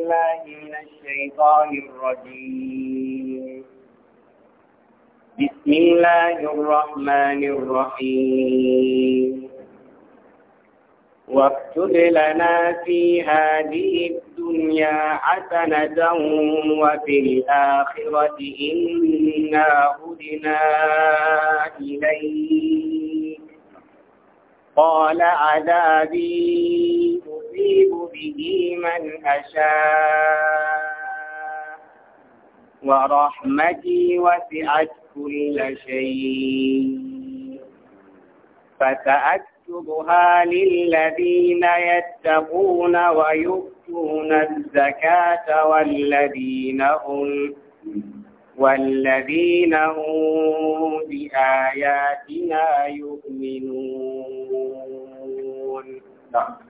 بالله من الشيطان الرجيم بسم الله الرحمن الرحيم واكتب لنا في هذه الدنيا حسنة وفي الآخرة إنا هدنا إليك قال عذابي يصيب به من أشاء ورحمتي وسعت كل شيء فسأكتبها للذين يتقون ويؤتون الزكاة والذين هم والذين هم بآياتنا يؤمنون. نعم.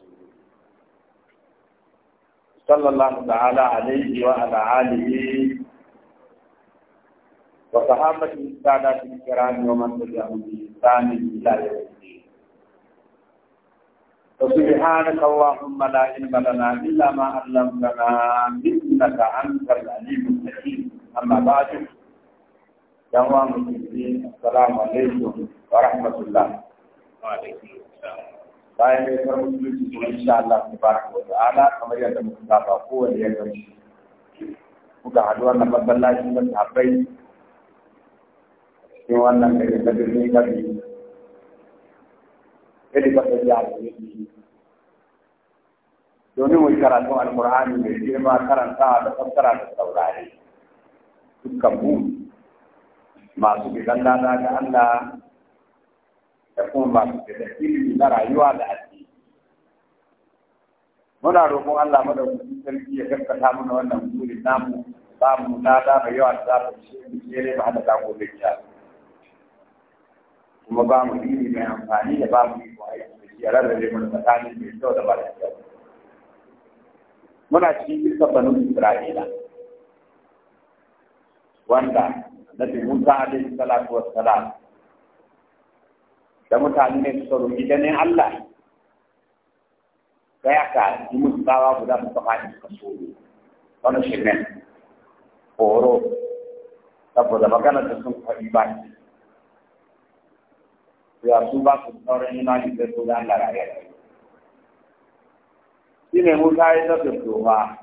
sallallahu ta'ala alaihi wa ala alihi wa sahabati sadati kiram wa man tabi'ahum bi ihsan ila yawm الدين سبحانك اللهم لا علم لنا الا ما علمتنا انك انت العليم الحكيم اما بعد يا مسلمين السلام عليكم ورحمه الله وعليكم السلام bayan ya karɓi musulunci kuma insha Allah ta baraka wa ta'ala kamar yadda muka saba kowanne ya gamshi muka haɗu wannan masallaci na sahabbai cikin wannan gari na birnin kabi yadda ba ta biya yi haɗu domin mu karatun alkur'ani mai girma karanta da fassara da saurare dukkan mu masu bidan lada ga Allah da kuma masu da ilimi na rayuwa da addini muna roƙon Allah madaukakin sarki ya gaskata mana wannan burin namu samu na da mai yawa da zafi shi ne ne ba da zago kuma ba mu ilimi mai amfani da ba mu yi ko aiki da a rarrabe mana tsakanin mai kyau da ba da kyau muna cikin bisa banu Isra'ila wanda Nabi Musa alaihi salatu wassalam da mutane ne su roƙi ganin Allah sai aka yi musu tsawa guda su tafa da suka so ne wani shi ne horo saboda magana da sun faɗi ba shi ya su ba su sauran imani da su da Allah rayuwa shi ne Musa ya ta dodowa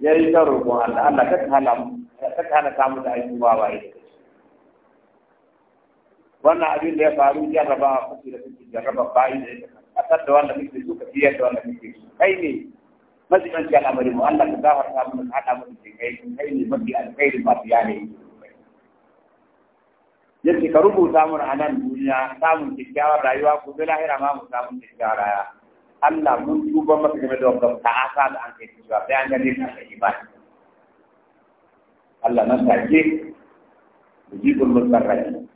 ya yi ta roƙon Allah ta hana ta samu da aiki ba ba wannan abin da ya faru jarraba kuke da kuke jarraba bayi da ita kasar da wanda kuke so ka fiye da wanda kuke so kai ne mazibanci al'amari mu Allah ka gafarta ta ka hada mu da kai kai ne mafi alkhairi ba fiya ne yace ka rubuta mu a nan duniya samun kyakkyawar rayuwa ko da lahira ma mu samun kyakkyawar rayuwa Allah mun tuba maka game da wannan ta'asa da an kai cewa sai an gane ka da iman. Allah nan take yujibul musarrafi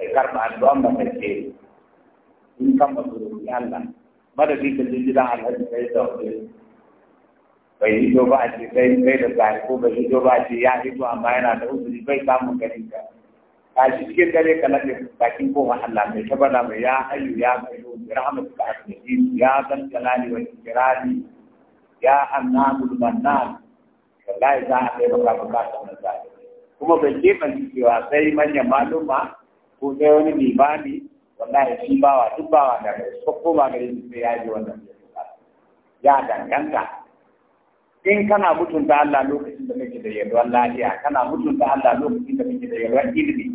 kai karɓa addu'an matacce in kan ba su Allah madadi ka ji gidan alhaji kai da wani bai hito ba a ce kai kai ko bai hito ba a ya hito amma yana da uzuri bai samun gani ka ka shi cikin dare ka nade bakin Allah mai tabana mai ya ayu ya kayo bi rahmatika ya zal jalali wal ikrami ya annabul mannan wallahi za a kai baka bukata wannan kuma bai keɓe cewa sai manyan maluma ko dai wani limami wallahi shi bawa duk bawa da rai ko koma gare shi sai ya ji wannan ya danganta in kana mutunta Allah lokacin da kake da yalwar lafiya kana mutunta Allah lokacin da kake da yalwar ilimi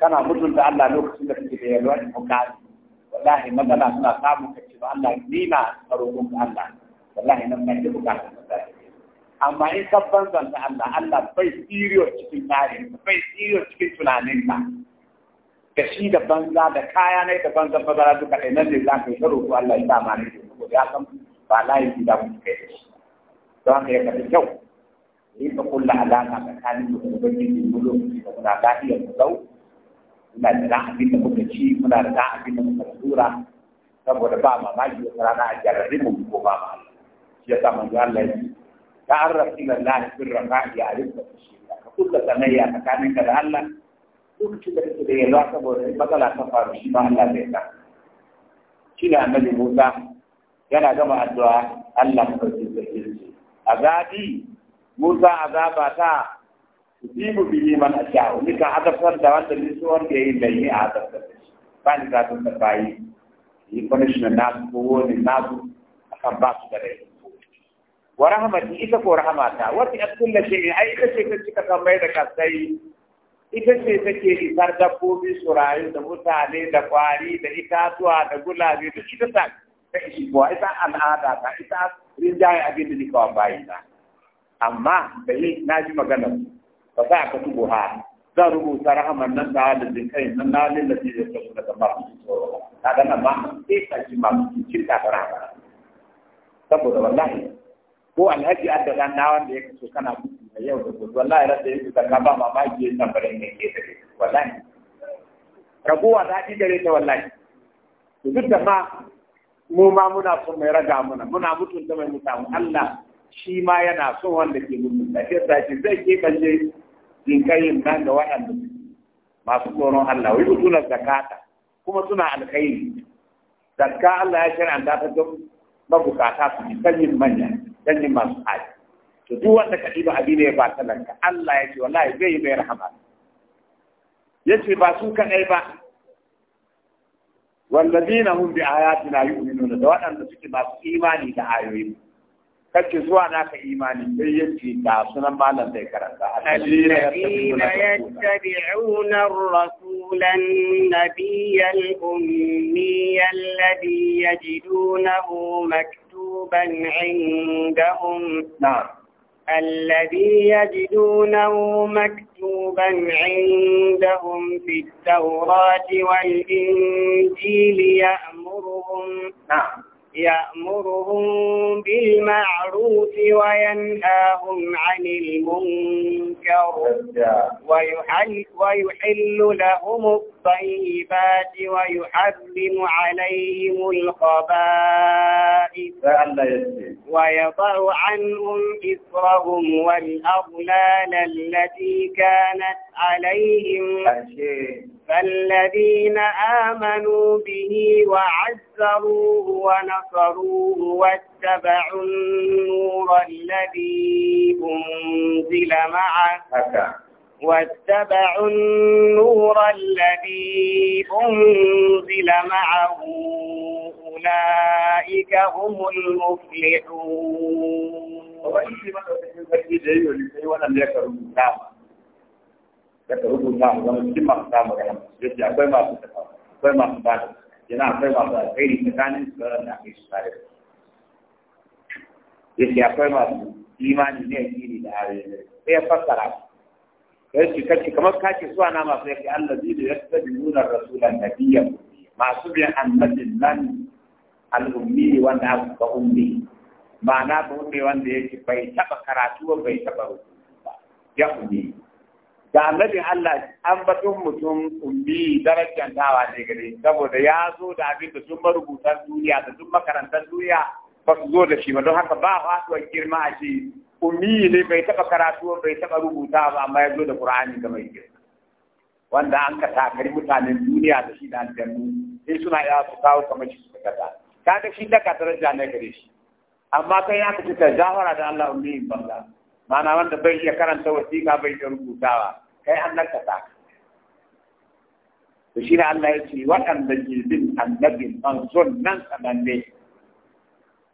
kana mutunta Allah lokacin da kake da yalwar bukatu wallahi matsala suna samun kace ba Allah dina na roƙon Allah wallahi nan ne bukatu mutane amma in ka banzanta Allah Allah bai serious cikin tsarin bai serious cikin tunanin ka da shi da banza da kaya ne da banza bazara duka kaɗai nan ne za ka yi ta roƙo Allah ya sama ne saboda ya san ba layin gida ku kai da shi don haka ya kafi kyau yi ka kulla alaƙa tsakanin da mu da ubangiji mu lokaci da muna lafiyar mu zau muna da ɗan abin da muka ci muna da ɗan abin da muka tura saboda ba mamaki wata rana a jarrabe mu ko ba ma shi ya sa manzo Allah ya ce ta'arraf ila Allah fi rafa'i ya arifka fi shi ka kulla sanayya ka da Allah lokacin da kake da saboda in matsala ta faru shi ma Allah ne annabi Musa yana gama addu'a Allah ka sauke a azabi Musa a azaba ta tusibu bihi man asha'u nika azabtar da wanda ne so wanda yayi laifi a azabtar da shi ba ni za ta bayi yi punishment na ko wani nasu akan ba su da laifi wa rahmati ita ko rahmata wati tulla kullu shay'in ai ita ce ta cika kan mai da kasai ita ce take isar dabbobi su rayu da mutane da kwari da itatuwa da gulabe da ita ta ta ishi kuwa ita al'ada ta ita rinjaye abin da nika bayi na amma da yi na ji magana ba za ka tubu ha zan rubuta rahaman nan da halin kai nan na lallace da su da kamar ta ga nan ma sai ta ji masu cikin ta saboda wallahi ko alhaji adda dan nawan da ya kaso kana a yau da gobe wallahi rasa yake zakka ba mamaki yin tambarin ne ke take wallahi raguwa ta ɗi gare ta wallahi duk da ma mu ma muna son mai raga muna muna mutunta mai mutamu Allah shi ma yana son wanda ke mutunta shi yasa shi zai keɓance jinkayin nan da waɗanda masu tsoron Allah wai mutuna zakata kuma suna alkhairi zakka Allah ya shirya ta don mabukata su ji yin manya yin masu haji to duk wanda ka ɗiba abin ya ba talanka Allah ya ce wallahi zai yi mai rahama ya ce ba su kaɗai ba wallazina hum bi ayatina yu'minuna da waɗanda suke masu imani da ayoyi kace zuwa ka imani sai yace ga sunan malam zai karanta alladhina yattabi'una ar-rasula na nabiyya al-ummiyya alladhi yajidunahu maktuban 'indahum na'am الذي يجدونه مكتوبا عندهم في التوراة والإنجيل يأمرهم نعم يأمرهم بالمعروف وينهاهم عن المنكر ويحل, ويحل لهم الطيبات ويحرم عليهم الخبائث ويضع عنهم إثرهم والأغلال التي كانت عليهم فالذين آمنوا به وعزروه ونصروه واتبعوا النور الذي أنزل معه واتبعوا النور الذي أنزل معه أولئك هم المفلحون. ka ta rubuta mu zama cikin masu samun rahama yace akwai masu tafa akwai masu bada yana akwai masu alkhairi tsakanin su da na kai su tare da yace akwai masu imani ne kiri da arewa sai ya fassara sai shi kace kamar kace suwa na masu yake Allah zai da yastabiluna rasulan nabiyya masu bi annabin nan al-ummi wanda aka ba ummi ma'ana ba ummi wanda yake bai taba karatu bai taba rubutu ba ya ummi da annabin Allah an batun mutum umbi darajar dawa ne gare saboda ya zo da abin da sun marubutan duniya da sun makarantar duniya ba su zo da shi ba don haka ba faɗuwar girma a shi ummi ne bai taɓa karatu bai taɓa rubuta ba amma ya zo da Qur'ani da mai girma wanda an ka takari mutanen duniya da shi da aljannu sai suna ya su kawo kamar shi suka kasa ga shi daga daraja ne gare shi amma kai ya ka ci ta jawara da Allah umminin banza. mana wanda bai iya karanta wasiƙa bai iya rubutawa kai an nan ta to shi ne Allah ya ce waɗanda ke bin annabin manzon nan sananne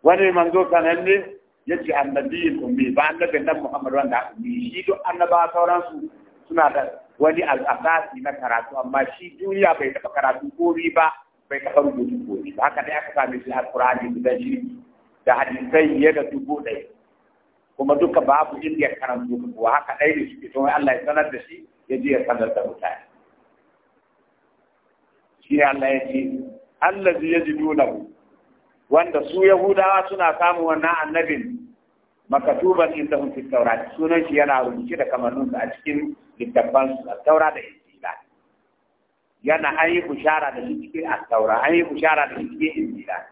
wani manzo sananne ya ce annabiyin ummi ba annabin nan Muhammad wanda aka shi duk annaba sauransu suna da wani al'asasi na karatu amma shi duniya bai taɓa karatu ko ba bai taɓa rubutu ko ba haka dai aka same shi Qur'ani da shi da hadisai fiye da dubu ɗaya kuma duka babu inda ya karanto kuwa haka dai da shi to Allah ya sanar da shi ya ji ya sanar da mutane shi Allah ya ce allazi yajidunahu wanda su yahudawa suna samu wannan annabin makatuban indahum fi tawrat sunan shi yana rubuce da kamannin a cikin littafan su da injila yana an yi bushara da shi cikin at-taura an yi bushara da shi cikin injila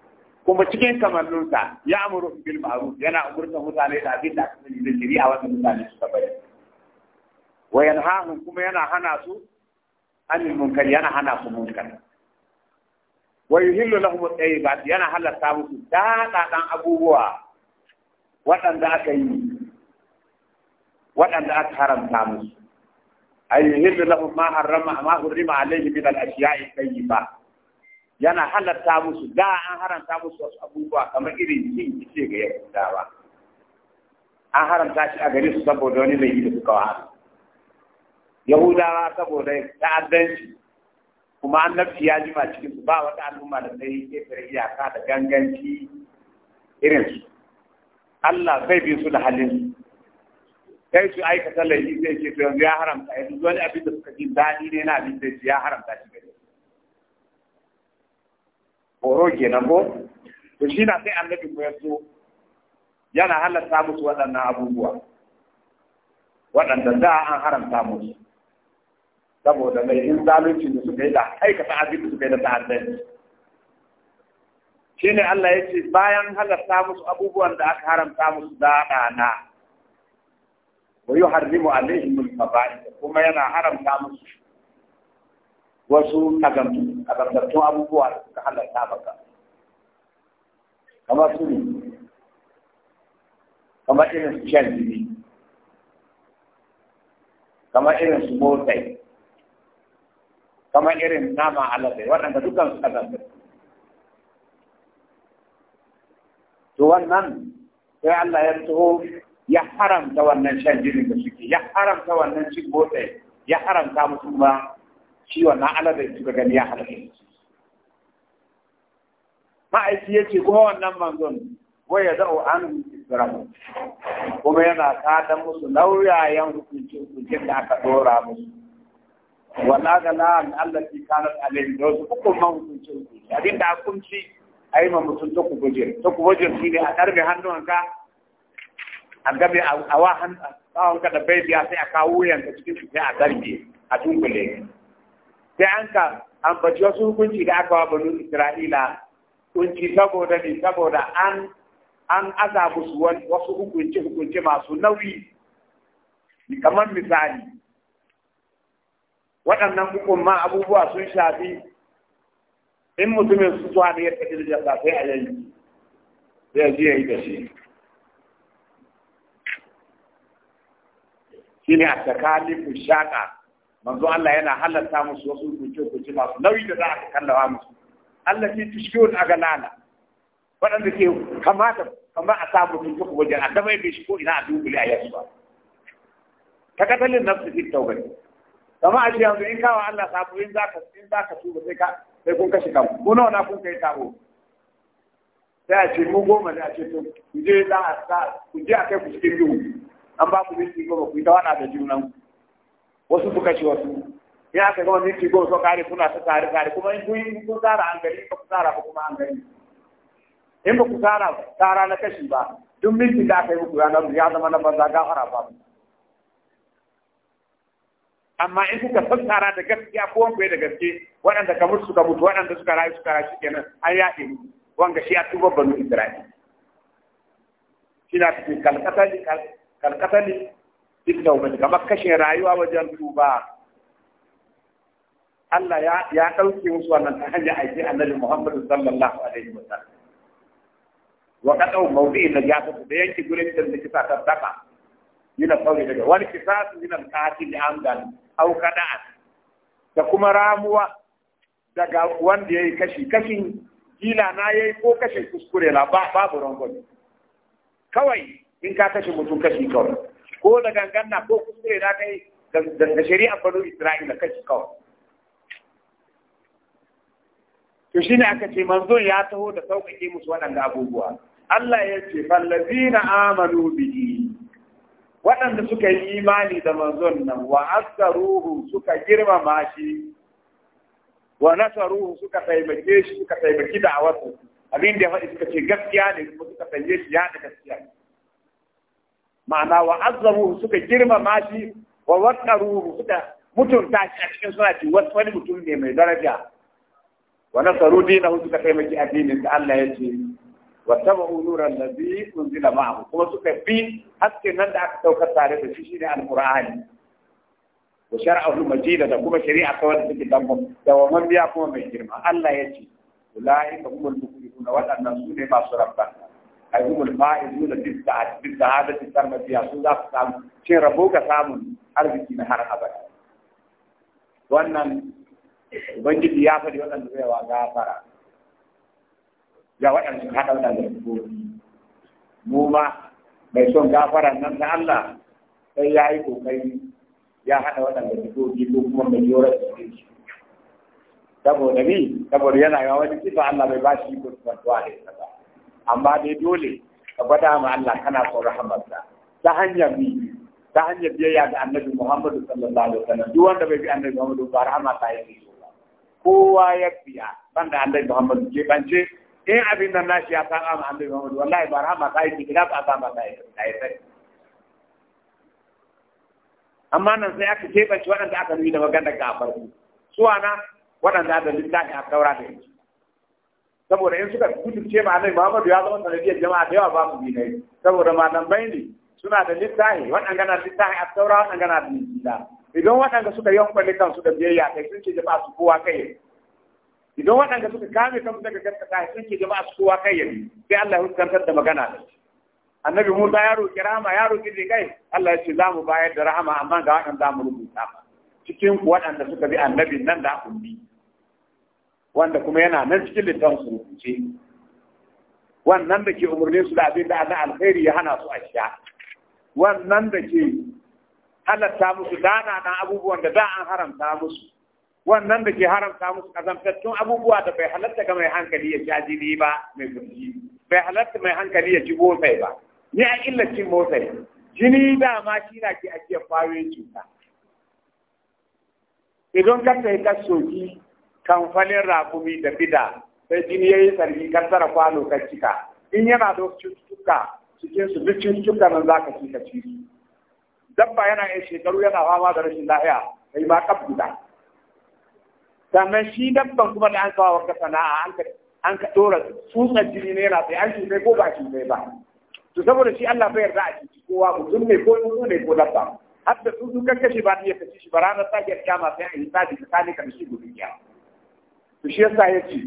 kuma cikin kamallinsa ya amuru bil ma'ruf yana umurtar mutane da abin da aka sani da shari'a wannan mutane suka bari wa yanhahum kuma yana hana su anil munkari yana hana su munkari wa yuhillu lahum at-tayyibat yana halatta musu dan abubuwa waɗanda aka yi waɗanda aka haramta musu ay lahum ma harrama ma hurrima alayhi min al-ashiya'i tayyibah yana halatta musu da an haranta musu wasu abubuwa kamar irin cin ce ga ba an haranta shi a gare su saboda wani mai da suka wahala yahudawa saboda ta'addanci kuma annabci ya jima cikin su ba wata al'umma da ta yi ƙetare iyaka da ganganci irin su Allah zai bi su da halin su kai su aikata laifi zai ce to yanzu ya haramta yanzu wani abin da suka ji daɗi ne na abin da ya haramta shi gari horo kenan ko to shi na sai annabi ko yaso yana halatta musu waɗannan abubuwa waɗanda da an haramta musu saboda mai in zalunci da suka yi da aikata abin da suka yi da shi ne Allah ya ce bayan halatta musu abubuwan da aka haramta musu da ɗana wa yuharrimu alaihim al-faba'id kuma yana haramta musu wasu kagamtattun abubuwa da suka halarta maka kamar su ne kamar irin su shan jini kamar irin su motsai kamar irin nama alabai waɗanda dukkan su kagamtattu to wannan sai Allah ya taho ya haramta wannan shan jini da suke ya haramta wannan cin motsai ya haramta musu ba shi wannan alade da ga gani ya halaka ma'aiki ya ce kuma wannan manzon wai ya za'o an isra'u kuma yana kada musu nauyayen hukuncin hukuncin da aka dora musu wala ga la'an allati kanar alayhi da wasu hukuman hukuncin hukunci a dinda hukunci a yi ma mutum ta kubuje ta kubuje shi ne a ɗarbe hannuwanka a gabe a wa hannuwanka da bai biya sai a kawo wuyanka cikin su sai a zarge a tunkule sai an ka ambaci wasu hukunci da aka wa banu Isra'ila kunci saboda ne saboda an an aza musu wasu hukunci hukunci masu nauyi kamar misali waɗannan hukunma abubuwa sun shafi in mutumin su zuwa ne ya tafi da sai a yanki sai ji ya yi da shi shine a tsakanin mushaƙa manzo Allah yana halatta musu wasu kuce-kuce masu nauyi da za a kallawa musu Allah ke tushiyon a ganana waɗanda ke kamata kama a samu kuce tuku wajen a dabai bai shi ko ina a dubule a yasu ba ta katalin su fi taubai kama a yanzu in kawo Allah sabu in za ka in za ka tuba sai ka sai kun kashe kanku ko nawa na kun kai tabo. sai a ce mu goma ne a ce to ku je za a ku je a kai ku cikin duhu an ba ku minti goma ku yi ta waɗa da junan ku wasu suka ci wasu ya aka gama minti goma so kare kuna ta tare tare kuma in kun ku tsara an gari ba ku tsara ba kuma an gari in ba ku tsara tsara na kashi ba duk minti da aka yi muku ranar ya zama na banza gafara ba amma in kuka tsara da gaskiya ko wanku da gaske waɗanda ka mutu suka mutu waɗanda suka rayu suka rayu kenan an ya mu wanga shi a tuba banu isra'ila shi na cikin kalkatali kalkatali duk da ubangi kamar kashe rayuwa wajen tuba Allah ya ya dauke musu wannan ta hanyar aiki annabi Muhammad sallallahu alaihi wa sallam wa kada mawdi'in da ya tafi da yanki gurin da kisa ta daka yana kauri daga wani kisasu su yana katil amdan au kada'at da kuma ramuwa daga wanda yayi kashi kashin kila na yayi ko kashe kuskure la babu rangon kawai in ka kashe mutum kashi kawai ko da gangan na ko kuskure ka kai da shari'a faru Isra'ila kashi kawai to shi ne aka ce manzon ya taho da sauƙaƙe musu waɗanda abubuwa Allah ya ce fallazina amanu bihi waɗanda suka yi imani da manzon nan wa ruhu suka girmama shi wa nasaruhu suka taimake shi suka taimaki da awasu abin da ya faɗi suka ce gaskiya ne kuma suka taimake shi ya da gaskiya ne ma'ana wa azzamu suka girmama shi wa waqaru suka mutunta shi a cikin suna ci wani mutum ne mai daraja wa nasaru dinahu suka taimaki addinin da Allah ya ce wa tabu nuran ladhi unzila ma'ahu kuma suka fi haske nan da aka daukar tare da shi shine alqur'ani wa shar'ahu majida da kuma shari'a ta wanda take dan da wa man kuma mai girma Allah ya ce ulaika humul waɗannan wadannan ne masu rabbana ai humul fa'izuna bis sa'ad bis sa'adati sarmatiya su za su samu cin rabo ga samun arziki na har abada wannan ubangiji ya faɗi waɗanda zai wa gafara ga waɗanda haɗa waɗanda su mu ma mai son gafara nan da Allah sai ya yi kokari ya haɗa waɗanda sifofi ko kuma mai yorar sifofi saboda ni saboda yana yawa wani sifa Allah bai ba shi iko sifantuwa da ita ba amma dai dole ka gwada ma Allah kana son rahamarsa ta hanyar ni ta hanyar biyayya ga annabi Muhammadu sallallahu alaihi wasallam duk wanda bai bi annabi Muhammadu ba rahama ta yi ba kowa ya biya banda annabi Muhammadu ke bance in abin nan nashi ya saba ma annabi Muhammadu wallahi ba rahama ta yi da ba ta ba ta yi sai amma nan sai aka keɓance waɗanda aka nuna magana ga farko suwana waɗanda da littafi a kaura da yanzu saboda in suka kuturce ma annabi Muhammadu ya zama sanadiyar jama'a da yawa ba mu bi nai saboda malamai ne suna da littafi waɗanda na littafi a saura waɗanda na da injila idan waɗanda suka yi hankali kansu da biyayya kai sun ce jama'a su kowa kai idan waɗanda suka kame kansu daga gaskata sun ce jama'a su kowa kai yabi sai Allah ya huskantar da magana da shi annabi Musa ya roki rahama ya roki da kai Allah ya ce za mu bayar da rahama amma ga wadanda za mu rubuta cikin waɗanda suka bi annabin nan da aka bi wanda kuma yana nan cikin littafin su wannan da ke umarnin su da abin da Allah alkhairi ya hana su a wannan da ke halatta musu dana na abubuwan da da an haramta musu wannan da ke haramta musu kazamtattun abubuwa da bai halatta ga mai hankali ya sha ni ba mai kurji bai halatta mai hankali ya ci motsai ba ni a illacin motsai jini ma shi na ke ajiyar kwayoyin cuta idan ka sai ka soki Kamfanin rakumi da bida sai jini ya yi sarki kan tara kwano kan cika in yana da wasu cututtuka cikin su duk cututtuka nan za ka ci ka ci dabba yana yin shekaru yana fama da rashin lafiya kai ma kaf guda sannan shi dabban kuma da an kawo wa sana'a an ka an ka dora tsutsar jini ne yana sai an cutai ko ba cutai ba to saboda shi Allah bai yarda a ci kowa mutum ne ko tsuntsu ne ko dabba har da tsuntsu kan kashe ba ta iya kashe shi ba ranar sake kiyama sai an yi tsadi tsakanin kan shi gudun kiyama to shi yasa ce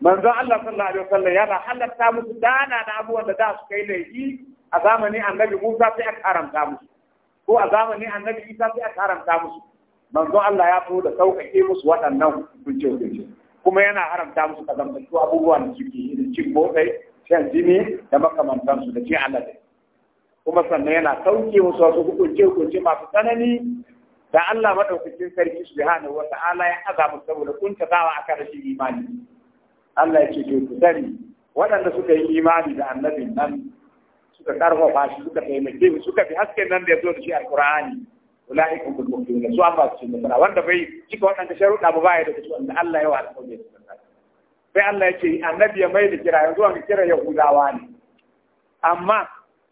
manzon Allah sallallahu alaihi wasallam yana halatta musu dana da abubuwan da da su kai laifi a zamanin annabi Musa sai aka haramta musu ko a zamanin annabi Isa sai aka haramta musu manzon Allah ya fito da sauƙaƙe musu waɗannan hukunce hukunce kuma yana haramta musu kazantattu abubuwan da suke yi da cin motsai shan jini da makamantansu da cin alade kuma sannan yana sauke musu wasu hukunce hukunce masu tsanani da Allah madaukakin sarki subhanahu wata'ala ya azabu saboda ta zawa aka rashin imani Allah ya ce to ku sani waɗanda suka yi imani da annabin nan suka karfafa shi suka taimake shi suka bi hasken nan da ya zo da shi alqur'ani ulai kun bil mu'minin su ba su ne wanda bai cika waɗanda sharuɗa ba baya da su wanda Allah ya wa alƙawari sai Allah ya ce annabi ya mai da kira yanzu an kira yahudawa ne amma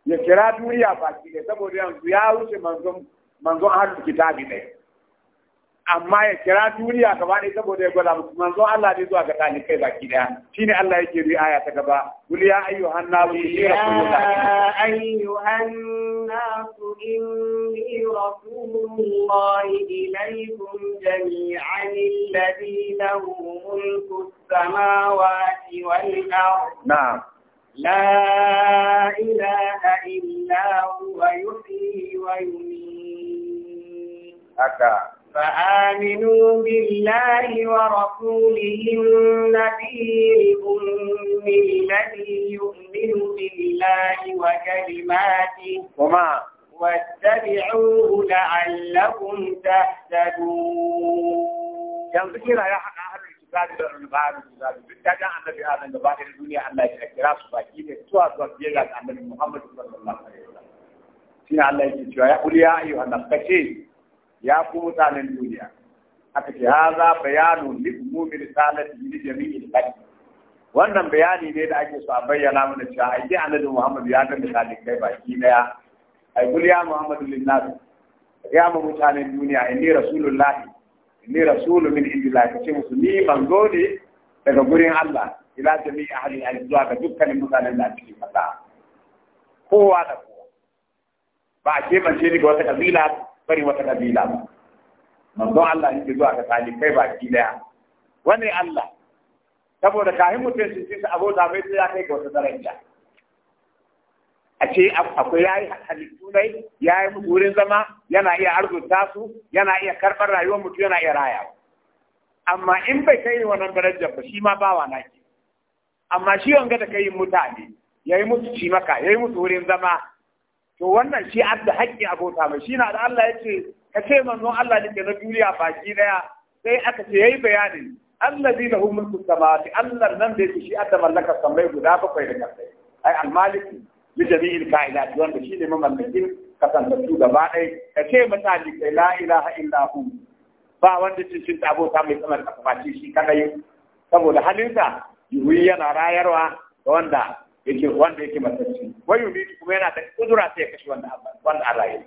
ya kira duniya baki ne saboda yanzu ya wuce manzon manzon ahlul kitabi ne amma ya kira duniya gaba ɗaya saboda ya gwada musu manzo Allah ne zuwa ga talibai baki daya shine Allah yake yi aya ta gaba qul ya ayyuhan nasu inni rasulullahi ayyuhan ilaykum jami'an alladhi lahu mulku samawati wal ard na'am لا إله إلا هو يحيي ويميت فآمنوا بالله ورسوله النبي الأم الذي يؤمن بالله وكلماته وما واتبعوه لعلكم تهتدون. يا حق misali da wani ba'ar misali duk dajan annabi adam gaba ɗaya duniya Allah ya kira su baki ne zuwa zuwa biye ga annabi Muhammad sallallahu alaihi wasallam shine Allah yake cewa ya kuliya ayyuhan nas kace ya ku mutanen duniya aka ce haza bayanu li umumi risalati li jami'il khalq wannan bayani ne da ake so a bayyana mana cewa aiki annabi Muhammad ya ga misali kai baki daya ai kuliya Muhammadu linnas ya mu mutanen duniya inni rasulullahi ni rasulu min indillah kace musu ni manzo ne daga gurin Allah ila jami'i ahli al zuwa ga dukkanin mutanen da cikin kasa kowa da kowa ba a man ce ni ga wata kabila bari wata kabila ba manzo Allah yake zuwa ga kai ba kila wani Allah saboda kahin mutum shi abota bai sai ya kai ga wata daraja a ce akwai ya yi halittu ne ya yi wurin zama yana iya arzuta su yana iya karɓar rayuwar mutum yana iya raya amma in bai kai wannan darajar ba shi ma bawa na ke amma shi wanga da kai mutane ya yi musu maka, ya yi musu wurin zama to wannan shi adda haƙƙi abota mai shi na da Allah ya ce ka ce manzon Allah da ke na duniya baki daya sai aka ce yayi bayanin allazi lahu mulku samawati Allah nan da yake shi adda mallakar samai guda bakwai da kasai ai al-maliki bi jami'il ka'ilat shi ne mamallakin kasantattu gaba ɗaya ka ce misali kai la ilaha illa hu ba wanda cincin abota mai tsamar kafaci shi kadai saboda halinsa yuwi yana rayarwa da wanda yake wanda yake matacci wai yuwi kuma yana da kudura sai ya kashe wanda wanda Allah ya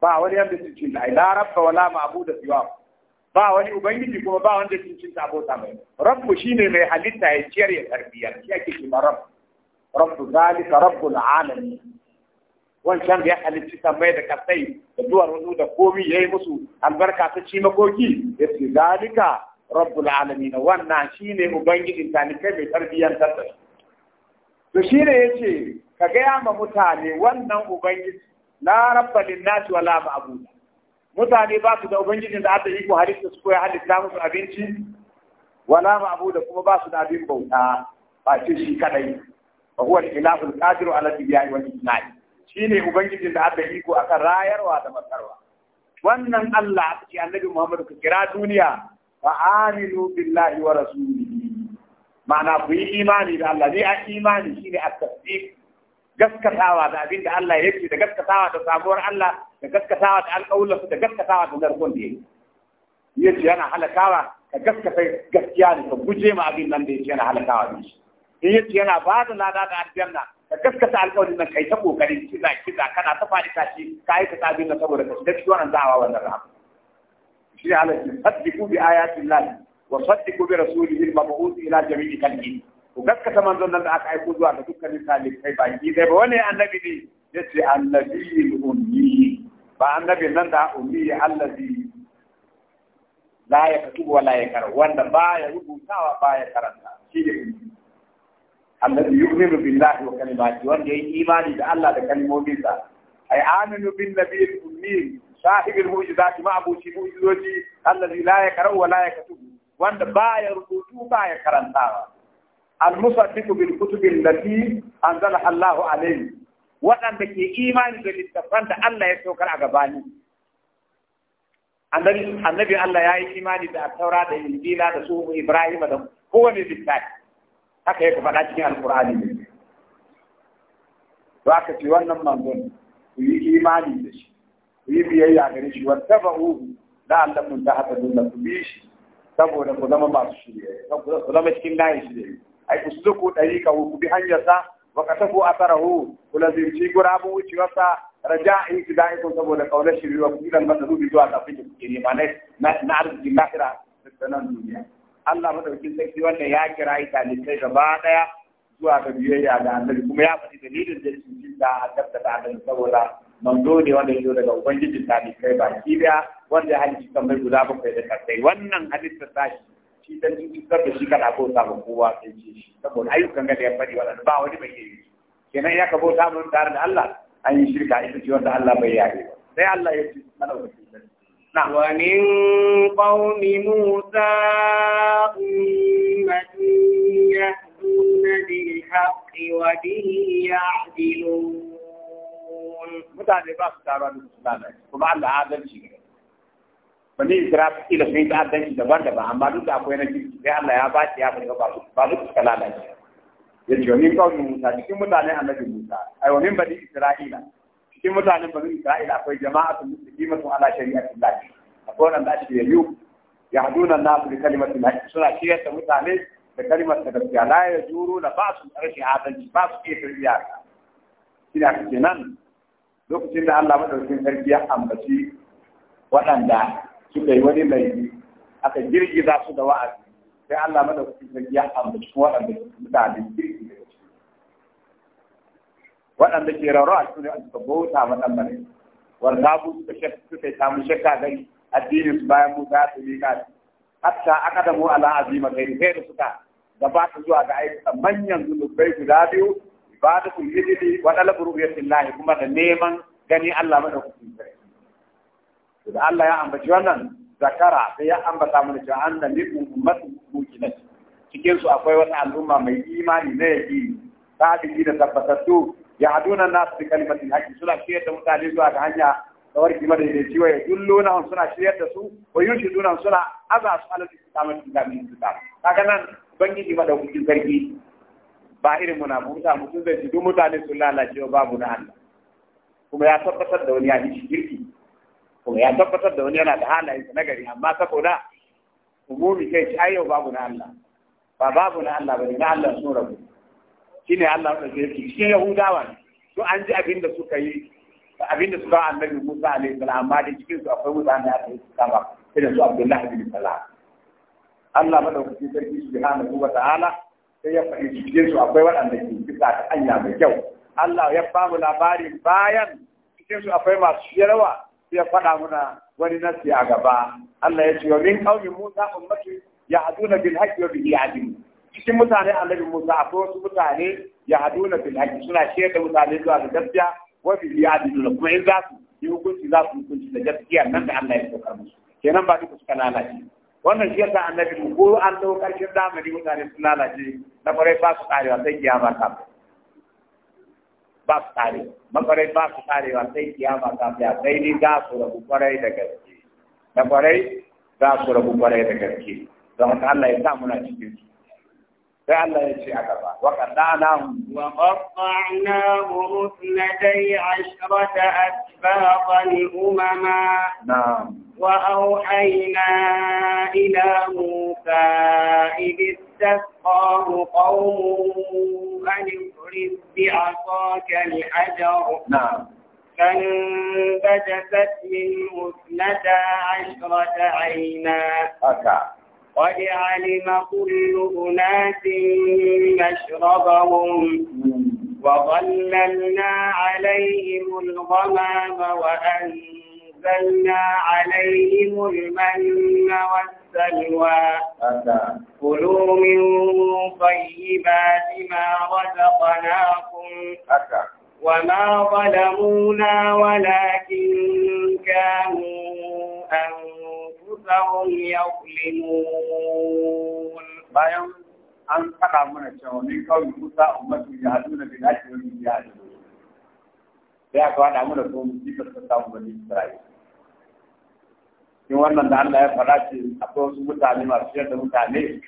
ba wani yanda cincin da la rabba wala ma'budu siwa ba wani ubangiji kuma ba wanda cincin abota mai rabbu shine mai halitta ya ciyar ya tarbiyar shi ake cewa rabbu rabbu zalika rabbul alamin wancan da ya halicci sammai da kasai da duwar wani da komi ya yi musu albarka ta ci makoki ya ce zalika rabbul alamin wannan shine ni kai mai tarbiyyar da to shine yace ka gaya ma mutane wannan ubangiji la rabba linnasi wala ma'budu mutane ba su da ubangijin da aka yi ko halitta su ko ya halitta musu abinci wala da kuma ba su da abin bauta ba ce shi kadai fa huwa al-ilahu al-qadiru ala tibya'i wal ibna'i shine ubangijin da aka iko akan rayarwa da matsarwa wannan Allah a cikin annabi Muhammadu ka kira duniya fa aminu billahi wa rasulihi ma'ana ku yi imani da Allah ne a imani shine at-tasdiq gaskatawa da abin da Allah yake da gaskatawa da sabuwar Allah da gaskatawa da alƙawullah da gaskatawa da narkon ka gaskiya ka guje ma abin nan da yana halakawa da in yana ba da lada da aljanna ka kaskata alƙawarin nan kai ta kokarin kiza kiza kana ta faɗi tashi ka yi ka tabi na saboda ka shiga cikin wannan da'awa wannan rahama shi ne Allah ya saddiku bi ayatin Allah wa saddiku bi rasulihi al-mab'uth ila jami'i kalbi ko kaskata manzon nan da aka aiko zuwa ga dukkanin kai ba yi dai ba wani annabi ne yace annabi ummi ba annabi nan da ummi allazi la yaktubu wala ya yakra wanda ya rubutawa ya karanta shi ne ummi alladhi yu'minu billahi wa kalimatihi wanda yayi imani da Allah da kalmominsa ay aminu bin nabiyil ummi sahibul mu'jizati ma'abuci mu'jizoji alladhi la yakra'u wa la yaktubu wanda baya rubutu ba ya karanta. al-musaddiqu bil kutubi allati anzala Allahu alayhi waɗanda ke imani da littafan da Allah ya saukar a gabani annabi Allah ya yi imani da Taura da Injila da Suhu Ibrahim da kowane littafi haka yake faɗa cikin alkur'ani ne to aka ce wannan manzon ku yi imani da shi ku yi biyayya gare shi ta haka dole ku bi shi saboda ku zama masu shirye ku zama cikin layin shirye ai ku suku ka ku bi hanyar sa, wa katafu atharahu ku raja in wucewarsa da'i tidaikum saboda kaunar shirye ku dan rubi zuwa kafin ku kire ma na na arzikin lahira da nan duniya Allah madaukin sarki wanda ya kira talibai gaba daya zuwa ga biyayya da annabi kuma ya faɗi dalilin da su ji da tabbata da annabi saboda manzo ne wanda ya zo daga ubangiji talibai ba shi da wanda ya halicci kamar guda bakwai da kasai wannan halitta tashi shi dan cutar da shi kana ko ba kowa sai ce shi saboda ayyukan ga da ya faɗi waɗanda ba wani bai yi kenan ya kabo samun tare da Allah an yi shirka ita ce wanda Allah bai yare ba sai Allah ya ce mana wakilin نعم ومن قوم موسى أمة يهدون بالحق وبه يعدلون متعني بخصة ربي سبحانه هذا الشيء من إسراف إلى سنة أبداً إذا برد بعمل ذلك أقوينا جيد الله يا بات يا بني وبعض بعض كلا لا يجي يجي ومن قوم موسى يجي متعني أمة موسى أي ومن إسرائيل cikin mutanen bani Isra'ila akwai jama'atu muslimatun ala shari'ati Allah akwai wanda ake yayu yahduna an na bi kalimati lahi suna kiyar da mutane da kalimar da gaskiya la yajuruna ba su rashin adalci ba su iya tarbiya ina kace nan lokacin da Allah madaukin sarki ya ambaci waɗanda suka yi wani laifi aka girgiza su da wa'azi sai Allah madaukin sarki ya ambaci waɗanda da girgiza waɗanda ke raurawa su ne suka bauta ma ɗan mare wanda bu suka suka samu shakka gari addinin su bayan Musa ya tsumi ka hatta aka da mu ala azima kai sai da suka gabata zuwa ga ayyuka manyan zunubai guda biyu ibadatul hijri wa talab ru'yatillahi kuma da neman gani Allah madaukakin sarki da Allah ya ambaci wannan zakara sai ya ambata mana cewa annan li ummatu mukinat cikin Cikinsu akwai wata al'umma mai imani na yaki sabiki da tabbatattu ya aduna nasu da kalimatin haƙi suna shirya da mutane zuwa ga hanya da wani warki yi wa ya dullo na hon suna shirya da su ko yi shi dunan suna aza su ala su kama da kama da kuka kaga nan ban yi da madaukakin sarki ba irin muna mu sa mutum zai ji duk mutane sun lalace ba babu na Allah kuma ya tabbatar da wani ya yi shirki kuma ya tabbatar da wani yana da halayen su nagari amma sako saboda umumi kai ci ayyau babu na Allah ba babu na Allah bane na Allah sun rabu shine Allah da zai yi cikin Yahudawa ne to an ji abin da suka yi abin da suka annabi Musa alaihi salam amma da cikin su akwai mutane a cikin kama irin su Abdullah bin Salam Allah madaukakin sarki subhanahu wa ta'ala sai ya faɗi cikin su akwai waɗanda ke bisa ta hanya mai kyau Allah ya ba mu labarin bayan cikin su akwai masu shirawa, sai ya faɗa muna wani nasi a gaba Allah ya ce wa min qaumi Musa ummati ya'duna bil haqqi wa bihi ya'dilu cikin mutane annabi Musa akwai wasu mutane ya haduna bil haqqi suna shirya da mutane zuwa ga gaskiya biya bil yadiluna kuma in za su yi hukunci za su hukunci da gaskiya nan da Allah ya saukar musu kenan ba duka suka lalace wannan shi yasa annabi mu ko an dau karshen zamani mutane sun lalace na kwarai ba su karewa sai kiyama ta ba su kare makwarai ba su karewa sai kiyama ta fiya sai ni za su rabu kwarai da gaske na kwarai za su rabu kwarai da gaske don haka Allah ya sa muna cikin su فعلا يجي عقبا وقطعناهم وقطعناهم اثنتي عشرة أسباط أمما نعم وأوحينا إلى موسى إذ استسقاه قومه أن اضرب بعصاك الحجر نعم فانبجست منه اثنتا عشرة عينا أكا. قد علم كل أناس مشربهم وظللنا عليهم الغمام وأنزلنا عليهم المن والسلوى كلوا من طيبات ما رزقناكم وما ظلمونا ولكن كانوا أنفسهم أنفسهم يظلمون بيان أن تقع من الشعور من قول موسى أمته يهدون بالأجر والمجاهدون ya kawo da amurka ko musibar ta samu bani da Allah ya fara ce akwai wasu mutane masu shirya da mutane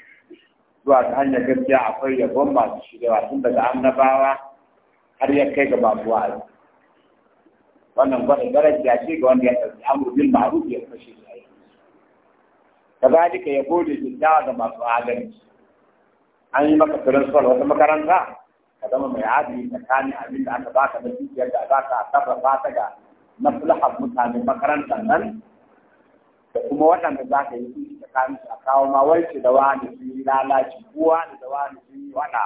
hanyar gaskiya akwai yabon masu shirya wasu daga annabawa har ya kai ga babu wa'azi wannan gwada daraja ga wanda ya kazalika ya gode jindawa ga masu adalci an yi maka transfer wata makaranta ka zama mai adali tsakanin abin da aka baka da dukiyar da za ka sarrafa ta ga maslahar mutanen makarantar nan da kuma waɗanda za ka yi su tsakanin su a kawo ma wance da wani sun yi lalaci kowa ne da wani sun yi wada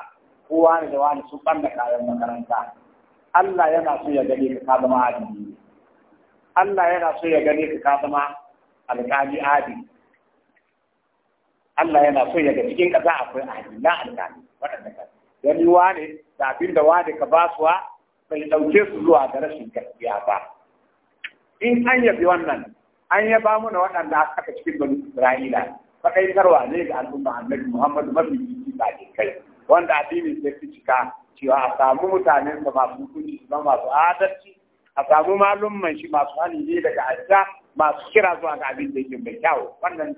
kowa ne da wani sun ɓanna kayan makaranta Allah yana so ya gane ka ka zama adali Allah yana so ya gane ka ka zama alƙali adali Allah yana so yaga cikin ƙasa akwai na alƙali waɗanda ka gani wane da abin da wane ka basuwa bai ɗauke su zuwa ga rashin gaskiya ba in an yabi wannan an yaba mana waɗanda aka cikin bani Isra'ila faɗaitarwa ne ga al'umma annabi Muhammadu mafi jiki ba ke kai wanda addinin sai fi cika cewa a samu mutanen da masu hukunci su masu adalci a samu malumman shi masu hali ne daga ajiya, masu kira zuwa ga abin da yake mai kyau wannan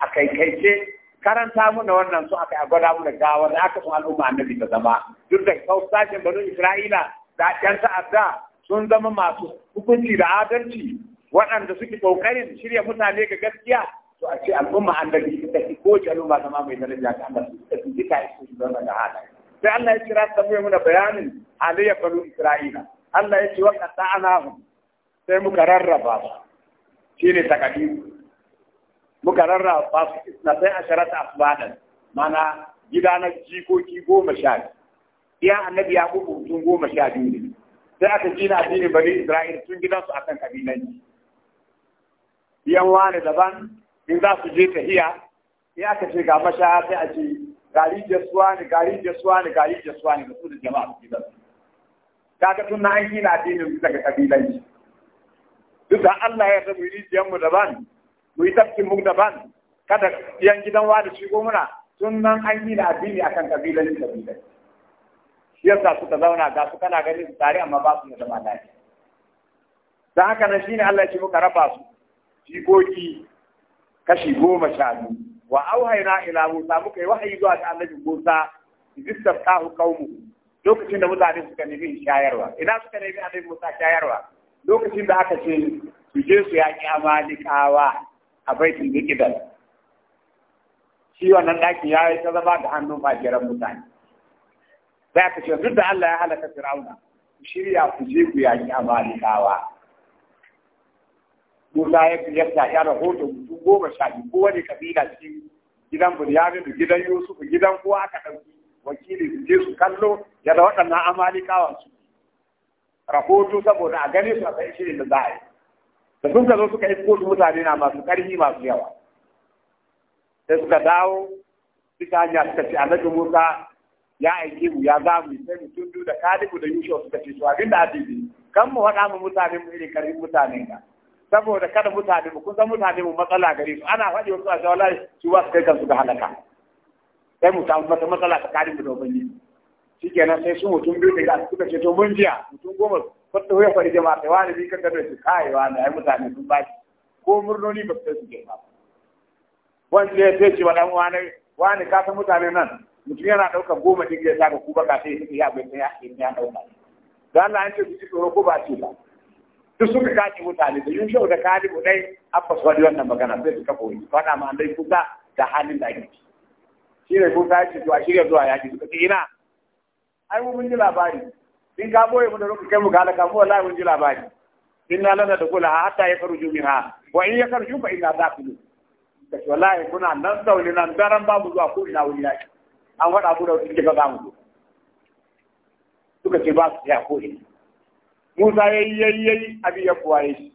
a kaikaice karanta muna wannan su aka gwada muna gawa da aka sun al'umma annabi ta zama duk da sashen banu isra'ila da ƴan ta'adda sun zama masu hukunci da adalci waɗanda suke ƙoƙarin shirya mutane ga gaskiya to a ce al'umma annabi ta ci ko ce al'umma zama mai daraja ta Allah ta fi duka su su zama da hada sai Allah ya kira ta muna bayanin halayyar banu isra'ila Allah ya ce wa qata'nahum sai muka rarraba su shine takadi muka rarraba su na sai a asharata asbadan mana gida na jikoki goma sha biyu iya annabi ya kuɓu sun goma sha biyu ne sai aka gina addinin bari Isra'il sun gidansu akan kabilanci yan wani daban in za su je ta hiya sai aka ce ga mashaya sai a ce gari jasuwa ne gari jasuwa ne gari jasuwa ne da su da jama'a su gidansu kaga tun na an gina addinin daga kabilanci duk da Allah ya tabbiri jiyanmu daban ku yi tafkin daban kada yan gidan wa da shigo muna sunan an yi da addini akan kabilan kabilan shi yasa suka zauna ga su kana ganin su tare amma ba su da zama lafiya dan haka nan shine Allah ya ce muka raba su jikoki kashi goma sha biyu wa auhayna ila Musa muka yi wahayi zuwa ga annabi Musa istaftahu qaumu lokacin da mutane suka nemi shayarwa idan suka nemi annabi Musa shayarwa lokacin da aka ce su je su yaki amalikawa a baitin miqdis shi wannan ya yi ta zama da hannun fajiran mutane za ka ce duk da Allah ya halaka Fir'auna ku shirya ku je ku yaƙi Amalikawa Musa ya fi yadda ya rahoto mutum goma sha biyu wani kabila cikin gidan Bunyamin da gidan Yusuf gidan kowa aka ɗauki wakili su je su kallo ya da waɗannan Amalikawa su rahoto saboda a gane su a sai shirin da za a yi da sun ka zo suka yi su mutane na masu ƙarfi masu yawa sai suka dawo suka hanya suka ce annabi Musa ya aike mu ya za mu sai mutum du da kalibu da yusho suka ce su abinda yi. kan mu faɗa mu mutane mu irin ƙarfin mutane ka saboda kada mutane mu kun san mutane mu matsala gare su ana faɗi wasu a lai su ba su kai kansu ga halaka sai mu samu mata matsala ta kalibu da ubangiji kenan sai su mutum biyu da suka ce to mun jiya mutum goma su. wata ya fari jama'a ta wani zai kan gado shi kai wani ai mutane sun ba shi ko murnoni ba su suke ba Wani ne ce ce wani dan wani wani ka san mutane nan mutum yana ɗaukar goma ɗin ya saka ku baka sai ya bai ya in ya ɗauka da Allah an ce ci tsoro ko ba ce ba duk suka kaci mutane da shau da ko dai abba su wani wannan magana sai kafa wani fada ma dai kuka da halin da ake shi ne kuka ya ce zuwa shi shirya zuwa yaƙi suka ce ina ai mun ji labari in ka boye mu da roƙa kai mu ga ka mu wallahi mun ji labari inna lana da kula hatta ya jumi ha wa in ya faruju fa inna ne kace wallahi kuna nan tsauni nan daren babu zuwa ko ina wuri yaki an faɗa ku da wani kika za mu zo suka ce ba su ya ko ina Musa yayi yayi yayi abin ya kuwa yayi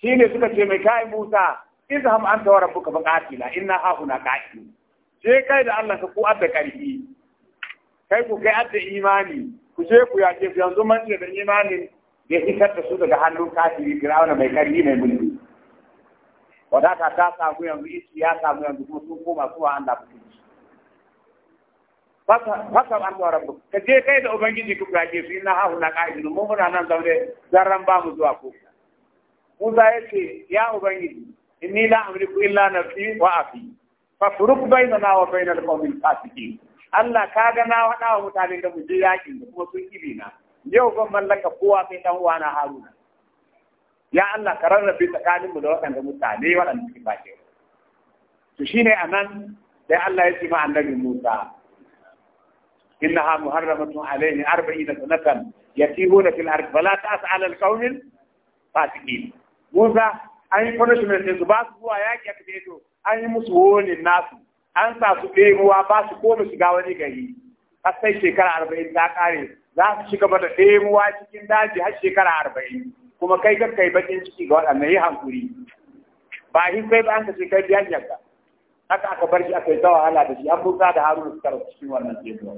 shi ne suka ce mai kai Musa an anta wa rabbuka faqatila inna ha na qa'id je kai da Allah ka ku adda karfi kai ku kai adda imani ku je ku yaƙe su yanzu man da imanin da isar da su daga hannun kafiri firawuna mai karfi mai mulki wadata ta samu yanzu isi ya samu yanzu kuma sun koma suwa da ku ci fasa an zuwa rabu ka je kai da ubangiji ku yaƙe su ina hahu na ƙa'idinu mun muna nan zaune zarran ba mu zuwa ko Musa ya ce ya ubangiji inni la amliku illa nafsi wa afi fa furuk bainana wa bainal qawmil fasiqin Allah ka ga na faɗa wa mutane da mu je yakin da kuma sun kibi na yau ban mallaka kowa sai dan uwa na Haruna ya Allah ka rarrabe tsakaninmu da waɗanda mutane waɗanda suke bace to shine anan sai Allah ya ce ma annabi Musa إنها محرمة عليه أربعين سنة يتيبون في الأرض فلا تأس على القوم الفاسقين موسى أي punishment is basu zuwa yaki aka ce to an yi musu woni nasu an sa su ruwa ba su koma shiga wani gari har sai shekara arba'in ta ƙare za su shiga ɗaya ruwa cikin daji har shekara arba'in kuma kai ka kai baƙin ciki ga waɗannan yi hankuri ba shi kai ba an ka shekar kai biyan yanka haka aka bar shi aka yi ta wahala da shi an busa da haruna suka rasu cikin wannan jesuwa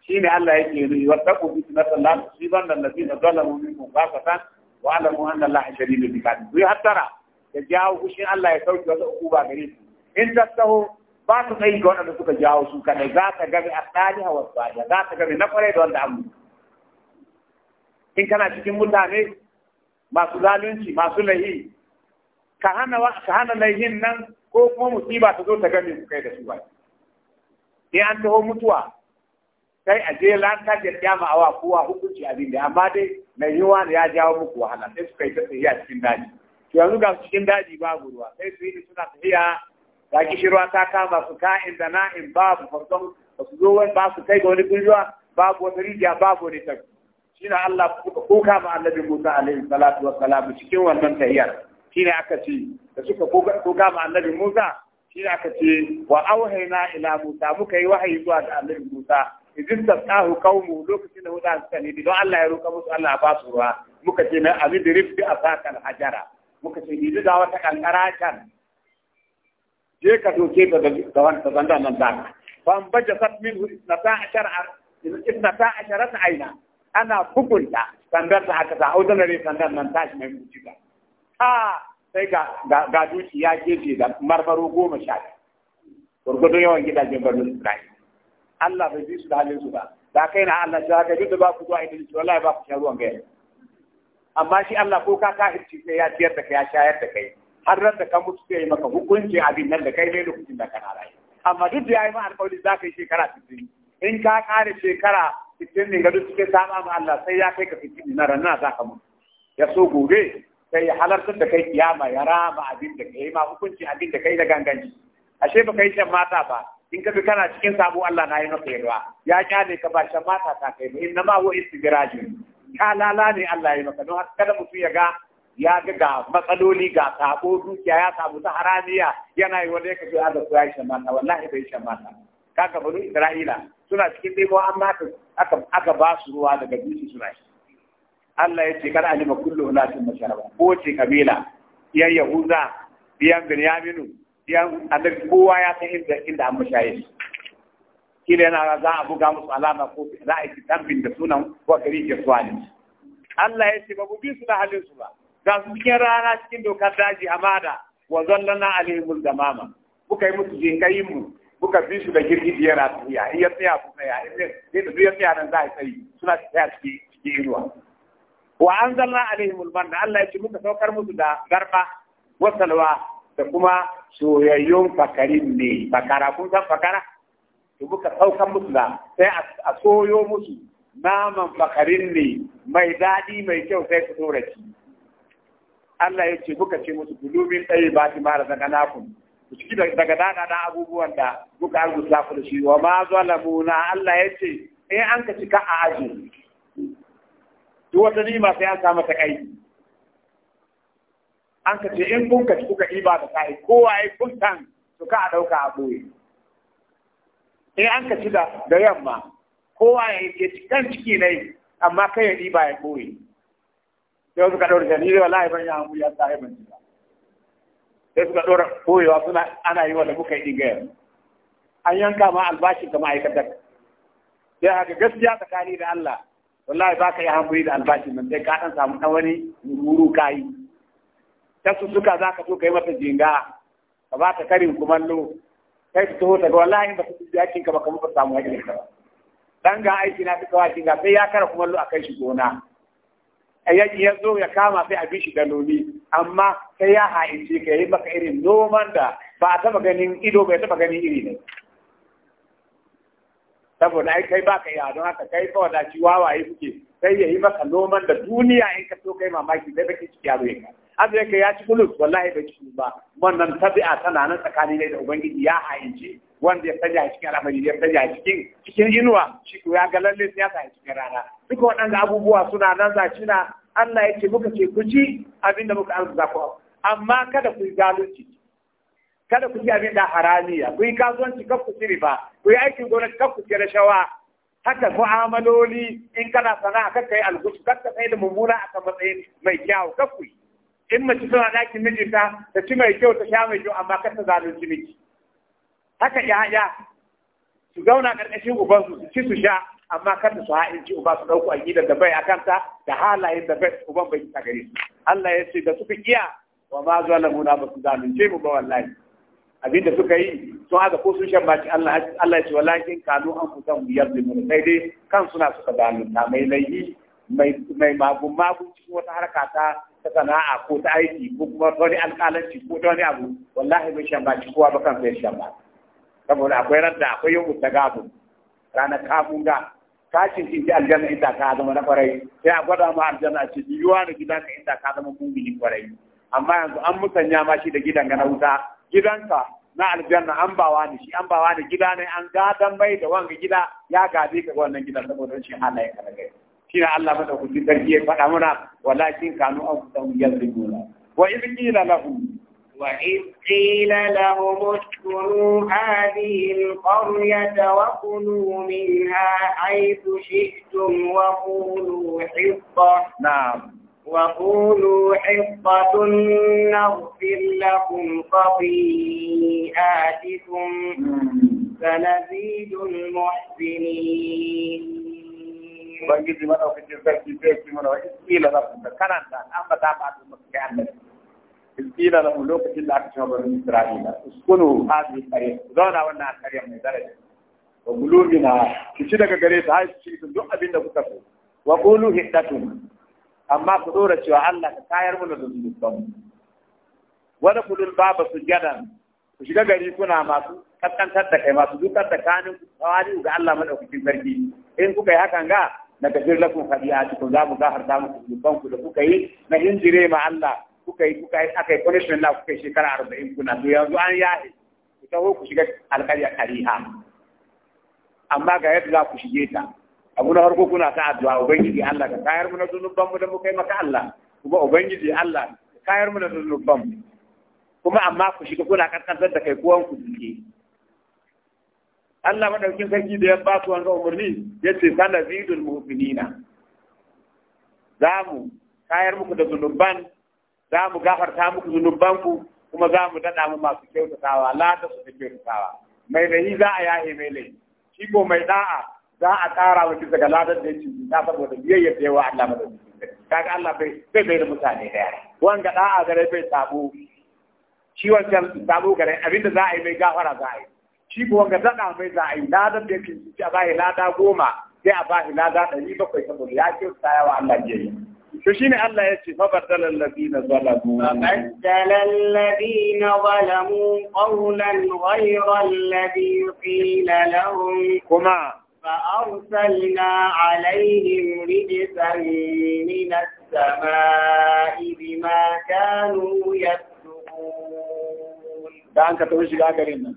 shi ne Allah yake nuni wattaqu fitnatan la tusibanna na zalamu minkum khasatan wa alamu anna Allaha shadidul iqab ku hattara ya jawo kushin Allah ya sauke wata ukuba gare su in ta taho ba su tsayi ga waɗanda suka jawo su kadai za ta gami a tsari hawa tsariya za ta gami na kwarai da wanda amu in kana cikin mutane masu zalunci masu laihi ka hana laihin nan ko kuma musiba ta zo ta gami su kai da su ba in an taho mutuwa kai a je lanta da kyama awa kowa hukunci abin da amma dai mai yiwuwa ne ya jawo muku wahala sai suka yi ta tsaye a cikin daji to yanzu ga cikin daji babu ruwa sai su yi suna tafiya ga kishirwa ta kama su ka'in da na'in babu farkon ba su zo wani ba su kai ga wani gulwa babu wata rijiya babu wani tafi na Allah kuka ma annabi Musa alaihi salatu wa salam cikin wannan tayyar ne aka ce da suka kuka ma annabi Musa ne aka ce wa auhayna ila Musa muka yi wahayi zuwa ga annabi Musa idin tsahu kaumu lokacin da wuta suka ne don Allah ya roka musu Allah ba su ruwa muka ce na abidrif bi asakal hajara muka ce idan da wata kankara can sai ka doke ta da wanta zanda nan da ban baje sat min isnata ashara in ashara ta aina ana bugunta sandar da aka sa audana ne sandar nan shi mai mutu ba ha sai ga ga duci ya gefe da marmaro goma sha gurgudun yawan gidajen birnin Isra'il Allah bai ji su da halin su ba da kai na Allah shi ga duk da ba ku zuwa idan shi wallahi ba ku sha ruwan gaya amma shi Allah ko ka kahirci sai ya tiyar da kai ya shayar da kai har ran da ka mutu sai yi maka hukunci abin nan da kai ne lokacin da kana rayu amma duk da yayi ma alƙawari za ka yi shekara 60 in ka kare shekara 60 ne ga duk cikin sama ma Allah sai ya kai ka 60 na ran za ka mutu ya so gobe sai ya halartar da kai kiyama ya rama abin da yi ma hukunci abin da kai da ganganci ashe ba yi shan mata ba in ka bi kana cikin sabo Allah na yi maka yarwa ya kyale ka ba shan mata ta kai ba inna ma wa istigrajin ka lala ne Allah ya yi maka don haka kada mutum ya ga ya ga ga matsaloli ga sabo dukiya ya samu ta haramiya yana yi wanda ya kafi a zafi ya yi mata wallahi bai shamanta mata kaga banu isra'ila suna cikin an amma aka ba su ruwa daga dutse suna shi Allah ya ce kada alima kullu unatin masharaba ko ce kabila yan yahuza biyan binyaminu biyan annabi kowa ya san inda inda an mashayi kila yana za a buga musu alama ko za a yi tambin da sunan wa gari ke Allah ya ce ba mu bi su da halin su ba ga su cikin rana cikin dokar daji hamada wa zallana alaihimul damama muka yi musu jinkayin mu muka bi su da girgiji biyar a in ya tsaya ku tsaya in ya tsaya nan za a tsayi suna tsaya cikin cikin inuwa wa zallana alaihimul manna Allah ya ce muka saukar musu da garba wasalwa da kuma soyayyun fakarin ne fakara kun san fakara to muka saukar musu da sai a soyo musu naman fakarin ne mai daɗi mai kyau sai su tsoraci. Allah ya ce kuka ce musu gulubin ɗaya ba ta mara daga nakun ku ciki daga dana na abubuwan da kuka gusa ku da shi wa ma zalamuna Allah ya ce in an ka cika a aji duk wata nima sai an samu ta kai an ka ce in kun ka kuka iba da kai waye kun tan to ka a ɗauka a ɓoye in an ka ci da yamma kowa ya ke cikin ciki ne amma kai ya ɗiba ya ɓoye sai suka ɗora jani da wala ban yi hankuri ta, sahi ban cika sai suka ɗora koyewa suna ana yi wanda muka yi ɗigayar an yanka ma albashi ga ma'aikatar sai haka gaskiya tsakani da Allah wallahi ba ka yi hankuri da albashin nan sai ka ɗan samu ɗan wani ruru ka yi ta su suka za ka so ka yi mata jinga ka ba ta karin kumallo kai ta taho daga wallahi ba ka fi yakin ka ba ka muka samu haƙƙin ka ba dan ga aiki na fi kawai jinga sai ya kara kumallo a kai shi gona yaƙi ya zo ya kama sai a bi shi nomi amma sai ya haice ka yi maka irin noman da ba a taba ganin ido bai taba ganin iri ne saboda ai kai baka ya don haka kai fa da ci wawaye suke sai ya yi maka noman da duniya in ka so kai mamaki sai baki ciki yaro yanka azu yake ya ci bulus wallahi bai ci ba wannan tabi'a tana nan tsakani ne da ubangiji ya haince. wanda ya sanya a cikin al'amari ya sanya a cikin cikin inuwa shi ko ya ga lalle sai ya sa cikin rana duka waɗanda abubuwa suna nan zaci na Allah ya ce muka ce ku abin abinda muka arzuta ku amma kada ku yi zalunci kada ku ji abin da haramiya ku yi kasuwanci kar ku ci ba ku yi aikin gwamnati kar ku ci rashawa haka mu'amaloli in kana sana'a kar ka yi algusu kar ka sai da mummuna kan matsayin mai kyau kar ku yi in mace tana dakin mijinta ta ci mai kyau ta sha mai kyau amma kar ta zalunci miki haka ya'ya su zauna ƙarƙashin ubansu su ci su sha amma kada su ci uba su ɗauko gidan da bai a kanta da halayen da bai uban bai ta gare su Allah ya ce da suka iya wa ma muna ba su zalunce mu ba wallahi abinda suka yi sun haka ko sun shambaci Allah Allah ya ce walakin kanu an fusa mu mun sai dai kan suna suka zalunta mai laifi mai mai magun magun cikin wata harka ta ta sana'a ko ta aiki ko kuma wani alƙalanci ko wani abu wallahi bai shambaci kowa ba kan sai shambaci saboda akwai randa akwai yau ta gado ranar ga ka ji aljanna inda ka zama na kwarai sai a gwada ma aljanna ce yiwuwa gidan ka inda ka zama mumini kwarai amma yanzu an musanya ma shi da gidanka na wuta gidanka na aljanna an bawa ne shi an bawa ne gida ne an gadan mai da wanga gida ya gabe ka wannan gidan saboda shi ya kada kai shi ne Allah madaukakin sarki ya faɗa mana walakin kanu an kusa mu yanzu wa idh qila lahum وإذ قيل لهم اسكنوا هذه القرية وكلوا منها حيث شئتم وقولوا حطة نعم وقولوا حطة نغفر لكم خطيئاتكم سنزيد المحسنين Bagi di mana kita kita di mana itu ialah kita kanan dan apa dapat kita iskila lahu lokacin da aka cewa barin Isra'ila uskunu hadhihi al-qarya zauna wannan al-qarya mai daraja wa qulubina ki ci daga gare ta har ci duk abin da kuka so wa qulu hiddatun amma ku dora cewa Allah ka tayar mana da zunubanmu wani kulul baba sujadan ku shiga gari kuna masu kaskantar da kai masu dukar da kanin tawali ga Allah madaukakin sarki in kuka yi hakan ga na gafir lakum khadi'atukum za mu gafar da muku zunubanku da kuka yi na injire ma Allah kuka yi kuka yi aka yi punishment na kuka yi shekara arba'in kuna to yanzu an yaye ku taho ku shiga a kariha amma ga yadda za ku shige ta abu na farko kuna ta addu'a ubangiji Allah ka kayar mu na zunuban mu da mu kai maka Allah kuma ubangiji Allah ka kayar mu na zunuban mu kuma amma ku shiga kuna kaskantar da kai kowan ku duke Allah madaukin sarki da ya ba su wanga umarni ya ce yace sanazidul mu'minina za mu kayar muku da zunuban za mu gafarta muku zunubanku kuma za mu daɗa mu masu kyautatawa su ta su kyautatawa mai rayi za a yaye mai lai shi ko mai da'a za a kara wa bisa ga ladar da yake ta saboda biyayyar da yawa Allah madaukakin kaga Allah bai bai bai da mutane daya wanga da'a gare bai sabo shi wancan sabo gare abinda za a yi mai gafara za a yi shi ko wanga daɗa mai za a yi ladar da yake a bai lada goma sai a bahi lada ɗari bakwai saboda ya kyautata yawa Allah biyayyar فشيني الله يجي فبدل الذين ظلموا فبدل الذين ظلموا قولا غير الذي قيل لهم كما فأرسلنا عليهم رجسا من السماء بما كانوا يفسقون دانك توشي لا كريم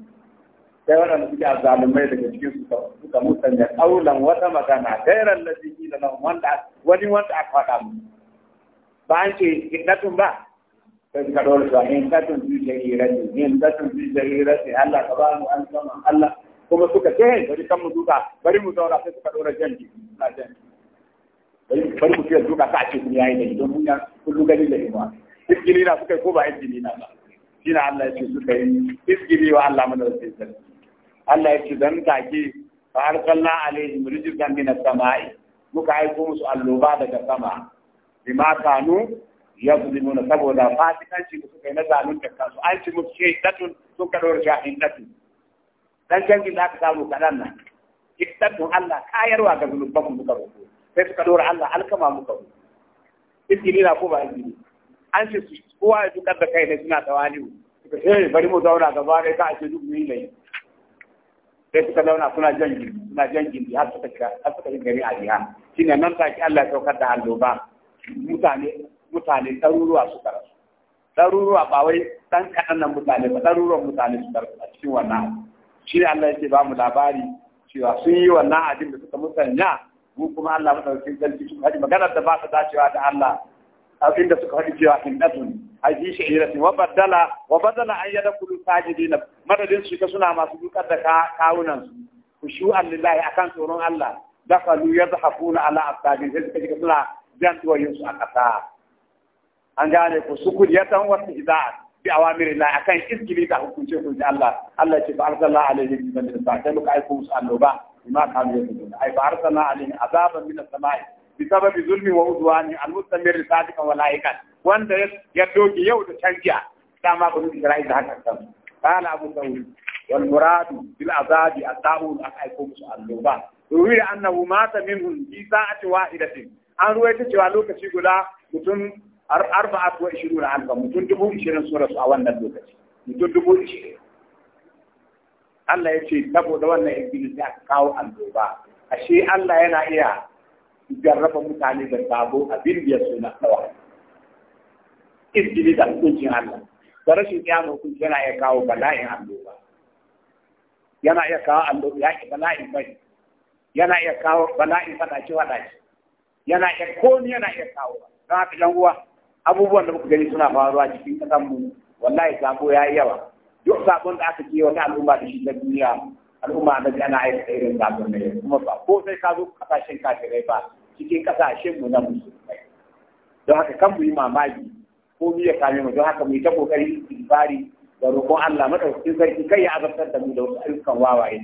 sai waɗanda suke a zalumai daga cikin su suka musanya ƙaulan wata magana gairar lafi da nan wanda wani wanda aka faɗa mu ba an ce hiddatun ba sai suka ɗora su a hiddatun su jarira ce hiddatun su jarira ce Allah ka ba mu an sama Allah kuma suka ce bari kan mu duka bari mu zaura sai suka ɗora jan jiki suna jan jiki bari mu fiye duka ka ce kun yayi da idan mun ya kullu gani da imuwa izgili na suka yi ko ba izgili na ba shi na Allah ya ce suka yi izgili wa Allah mana da sai Allah ya ce dan take fa arsalna alaihi rijzan min as-sama'i muka aiko musu alloba daga sama bima kanu yazlimuna saboda fasikanci da suka yi na da kansu an ci musu datun to ka dora datun, dan canji za ka samu kadan nan shaidatun Allah kayarwa ga zulubban mu muka roƙo sai suka dora Allah alkama muka roƙo izgili na ko ba izgili an ce kowa ya dukar da kai ne suna tawali suka ce bari mu zauna gaba ne ka ce duk mu yi laifi sai suka zauna suna jan gindi suna jan gindi har suka shiga har suka shiga gari a jiha shine nan take Allah ya saukar da alloba mutane mutane ɗaruruwa suka rasu ɗaruruwa ba wai ɗan kaɗan nan mutane ba ɗaruruwan mutane suka rasu a cikin wannan shi ne Allah yake ba mu labari cewa sun yi wannan abin da suka musanya mu kuma Allah madaukakin sarki sun haɗi magana da ba ta dacewa da Allah abin da suka haɗi cewa in ɗatun aji shi irati wa badala wa badala an yadkhulu sajidina madadin su ka suna masu dukar da kawunan su khushu'an lillahi akan tsoron Allah dakalu yadhafuna ala asabin sai suka suna jan tuwayin su a kasa an gane ko sukuriyatan wa istihza'a bi awamiri Allah akan iskili da hukunce hukunce Allah Allah ya ce fa arsalna alaihim min as-sama'i sai muka aika musu annoba bima kanu yadun ai fa arsalna alaihim azaban min as-sama'i Sababi zulmi wa Uduane, Alhamis Samir da Sadiqa wala Wanda ya doki yau da ta jiya. Ina ma bamu iya gana isa haka kan. Bala abu ta wuri. Walmuradu biyu a zabi a sa'ur aka haifa musu allo ba. Dore da annabu mata min kun ki yi sa'a ce da teku. An rufe cewa lokaci guda mutum arba'a bai shirya alfarmu. Mutum dubu bi shan so a wannan lokacin. Mutum dubu bi Allah ya ce saboda wannan ilimin sai aka kawo allo ba. Ashe Allah yana iya. jarraba mutane da sabo abin da suna kawa izgili da hukuncin Allah da rashin kiyama hukunci yana iya kawo bala'in annoba yana iya kawo annoba ya ki bala'in bai yana iya kawo bala'in fadace fadace yana iya komi yana iya kawo don haka yan uwa abubuwan da muka gani suna faruwa cikin kasan mu wallahi sabo ya yi yawa duk sabon da aka ce wata al'umma da shi ta duniya al'umma da ana da irin sabon ne kuma ba ko sai ka zo kasashen kafirai ba cikin kasashen mu na musulmai don haka kan mu yi mamaki ko mu ya kame mu don haka mu yi ta kokari fari, da roƙon Allah madaukakin sarki kai ya azabtar da mu da wasu ayyukan wawaye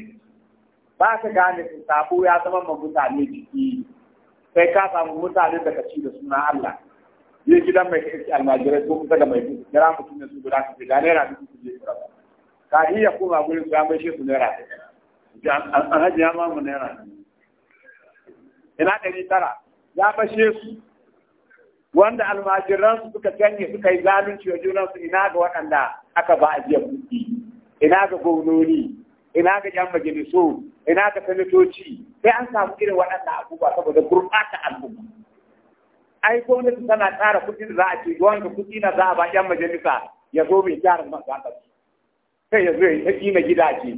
ba ka gane su sabo ya zama ma mutane jiki sai ka samu mutane da ci da suna Allah yin gidan mai kai almajirai ko kusa da mai kusa jira mutum da su guda su ga naira dubu su je ka iya koma gurin su ya mai shi su naira an hajiya ma mu naira ina ɗari tara ya fashe su wanda almajiransu suka canje suka yi zalunci wa junansu ina ga waɗanda aka ba a jiya kuɗi ina ga gwamnoni ina ga yan majalisu ina ga sanatoci sai an samu irin waɗanda abubuwa saboda gurɓata al'umma ai gwamnati tana tsara kuɗi da za a ce wanda kuɗi na za a ba yan majalisa ya zo mai gyara masu sai ya zo ya ta gina gidaje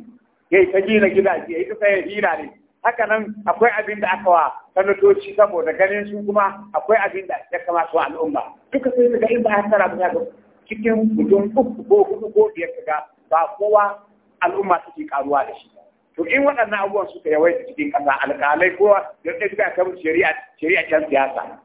ya yi ta gina gidaje ya yi ta sayar hira ne haka nan akwai abin da aka wa sanatoci saboda ganin su kuma akwai abin da ya kamata wa al'umma duka sai daga in ba a tara ba ga cikin mutum uku ko hudu ko biyar kaga ba kowa al'umma suke karuwa da shi to in waɗannan abubuwan suka yawaita cikin ƙasa alƙalai ko da ɗaya suka kan shari'a shari'a can siyasa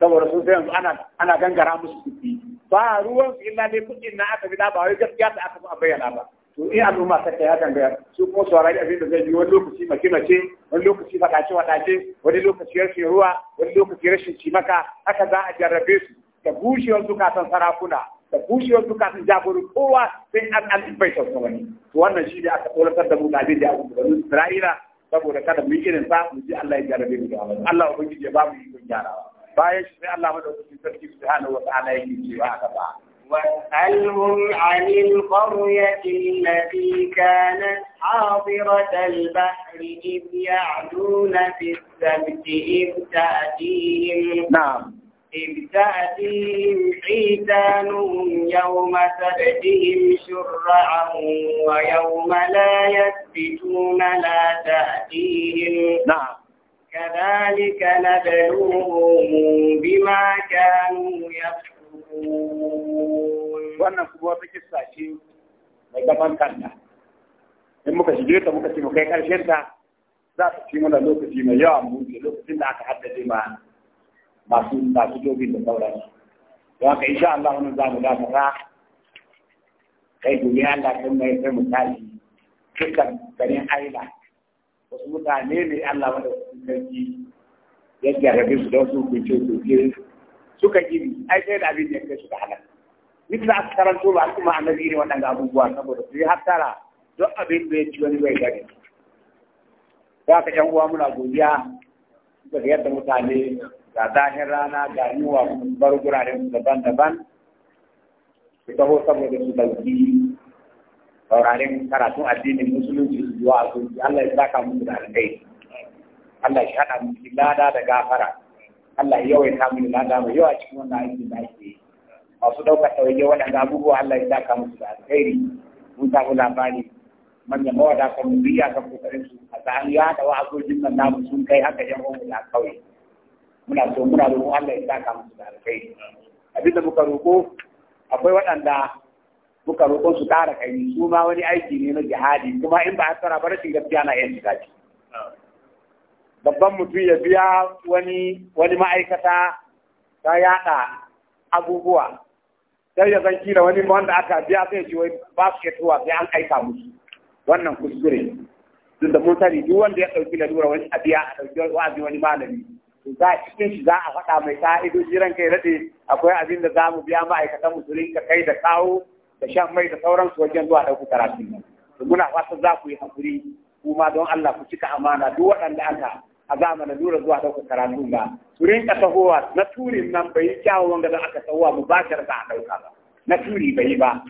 saboda sun sai yanzu ana ana gangara musu kuɗi ba ruwan illa ne kuɗin na aka bi da ba wai gaskiya ta aka a bayyana ba to in al'umma ta kai hakan da su kuma saurari abin da zai yi wani lokaci mace mace wani lokaci fadace fadace wani lokaci rashin ruwa wani lokaci rashin cimaka haka za a jarrabe su da bushewar zukatan sarakuna da bushewar zukatan jagori kowa sai an an bai sauka wani to wannan shi ne aka tsoratar da mu da abin da aka gudanar Isra'ila saboda kada mu yi irin sa mu ji Allah ya jarrabe mu da Allah ubangiji ya ba mu ikon gyarawa bayan shi sai Allah madaukakin sarki subhanahu wa ta'ala yake cewa a kasa واسألهم عن القرية التي كانت حاضرة البحر إذ يعدون في السبت إذ تأتيهم نعم إذ تأتيهم حيتانهم يوم سبتهم شرعا ويوم لا يسبتون لا تأتيهم نعم كذلك نبلوهم بما كانوا يفعلون wannan kuma wata kissa ce mai gaban kanta in muka shige ta muka ce kai karshen ta za ta ci mana lokaci mai yawa mu wuce lokacin da aka haddace ma masu masu jogin da sauransu don haka insha Allah wannan za mu dakata kai gobe Allah kan mai sai mu tashi dukkan garin aila wasu mutane ne Allah wanda su sarki ya gyara su don su kunce kunce suka gini, ai sai da abin da yake suka halaka ni da aka karanto ba kuma annabi ne wannan abubuwa saboda su yi hattara don abin da ya ci wani bai gani za ka yan uwa muna godiya daga yadda mutane ga zahin rana ga yiwa bar guraren daban-daban su taho saboda su dauki sauraren karatun addinin musulunci zuwa zuwa Allah ya saka musu da alƙai Allah ya haɗa musu lada da gafara Allah ya yawaita da lada yau yawa cikin wannan aiki da ake yi masu ɗaukar ɗauke waɗanda abubuwa Allah ya daka musu da alkhairi mun samu labari manyan mawadatan mu biya kan kokarin su a tsarin ya da wa'azojin nan namu sun kai haka yan uwan da kauye muna so muna roƙo Allah ya daka musu da alkhairi abinda muka roƙo akwai waɗanda muka roƙo su ƙara kai su ma wani aiki ne na jihadi kuma in ba a tsara ba rashin gaskiya na iya shiga babban mutum ya biya wani wani ma'aikata ta yada abubuwa sai ya zan da wani wanda aka biya sai ji wai ba su sai an aika musu wannan kuskure Duk da mun sani duk wanda ya ɗauki lalura wani a a ɗauki wa'azi wani malami to za a cikin shi za a faɗa mai ka'idoji ran kai daɗe akwai abin da za mu biya ma'aikatan musulun ka kai da kawo da shan mai da sauransu wajen zuwa ɗauki nan muna fatan za ku yi hakuri kuma don Allah ku cika amana duk waɗanda aka a zamana lura zuwa ɗaukar karatu ba su rinka tahowa na turi nan bai yi kyawu wanda da aka tahowa mu ba shar a ɗauka ba na turi bai yi ba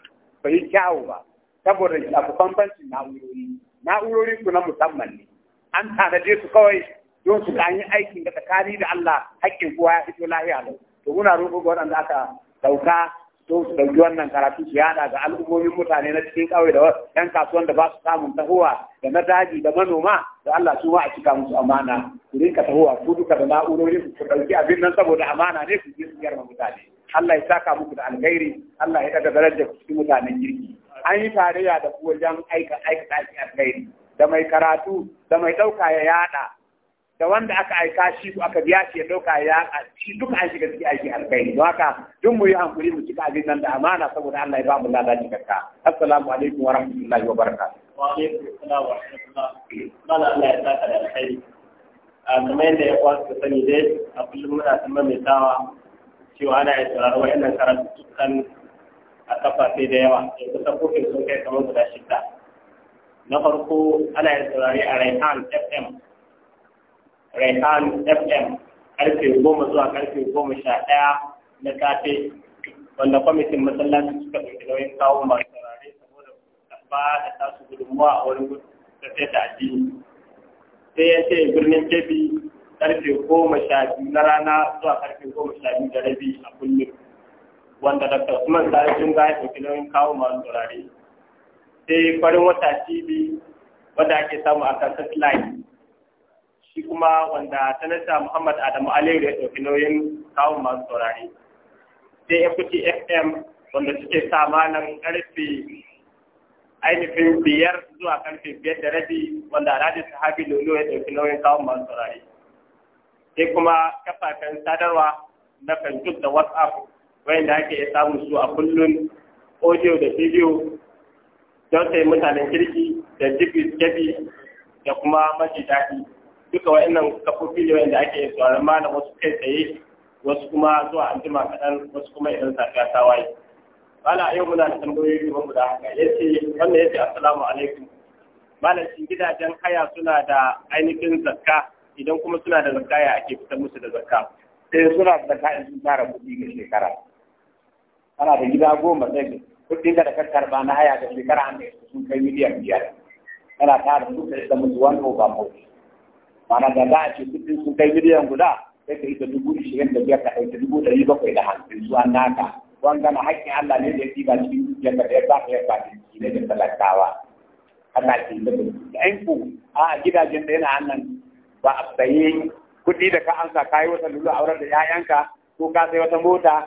bai yi kyawu ba saboda abu bambancin na'urori na'urori ku na musamman ne an tanade su kawai don su kan aikin da tsakani da Allah haƙƙin kowa ya fito lahiya lau to muna roƙo ga waɗanda aka ɗauka to su ɗauki wannan karatu su yada ga al'ummomin mutane na cikin ƙauye da yan kasuwan da ba su samun tahowa da na daji da manoma da Allah su ma a cika musu amana su rinka tahowa su duka da na'urorin su ɗauki abin nan saboda amana ne su je su yarma mutane Allah ya saka muku da alkhairi Allah ya daga ku cikin mutanen kirki an yi tarayya da wajen aika aika alkhairi da mai karatu da mai ɗauka ya yada da wanda aka aika shi ko aka biya shi ya dauka ya shi duka an shiga cikin aiki alkhairi don haka duk mu yi hankuri mu cika abin nan da amana saboda Allah ya ba mu lada cikakka assalamu alaikum wa rahmatullahi wa barakatuh wa alaikum assalam wa rahmatullahi Allah ya saka da alkhairi kamar yadda ya kwasu sani dai a kullum muna mai tawa cewa ana yin sauraro wa'annan karatu dukkan a kafafe da yawa yanzu kofin sun kai kamar guda shida na farko ana yin saurari a Raihan FM Raihan FM karfe goma zuwa karfe goma sha ɗaya na safe wanda kwamitin masallaci suka ɗauki nauyin kawo masu saurare saboda ba da tasu gudunmuwa a wurin tafiya da addini. Sai ya ce birnin Kebbi karfe goma sha biyu na rana zuwa karfe goma sha biyu da rabi a kullum. Wanda Dr. Usman Sani Junga ya ɗauki nauyin kawo masu saurare. Sai farin wata TV wanda ake samu a kan satellite shi kuma wanda sanata Muhammad Adamu Aliyu da ya ɗauki nauyin kawun masu saurari. Sai Equity FM wanda suke sama nan ƙarfe ainihin biyar zuwa karfe biyar da rabi wanda al'adu Sahabi Lolo ya ɗauki nauyin kawun masu saurari. Sai kuma kafafen sadarwa na Facebook da WhatsApp da ake iya samun su a kullum audio da video don sai mutanen kirki da jibi da kuma maji daɗi. duka wa'annan kafofi ne wanda ake yin tsoron malam wasu kai tsaye wasu kuma zuwa anjima kaɗan wasu kuma idan safiya ta waye bala yau muna da tambayoyi kamar guda haka yace wannan yace assalamu alaikum malam shin gidajen haya suna da ainihin zakka idan kuma suna da zakka ya ake fitar musu da zakka sai eh, suna da zakka in sun tara kuɗi ga shekara ana da gida goma sai kuɗin da ka karba na haya da shekara an sun kai miliyan biyar ana tara su da mutuwan ko ba mawuyi mana da za a ce kudin sun kai miliyan guda sai ka ita dubu ishirin da biyar ka ɗauki dubu ɗari bakwai da hamsin zuwa an naka wangana haƙƙin Allah ne da ya ɗiba cikin dukiyar ka da ya ba ka ya ba ki ne da talakawa Allah ke da ɗan ku a gidajen da yana annan ba a saye kuɗi da ka ansa ka yi wata lulu aurar da 'ya'yanka ko ka sai wata mota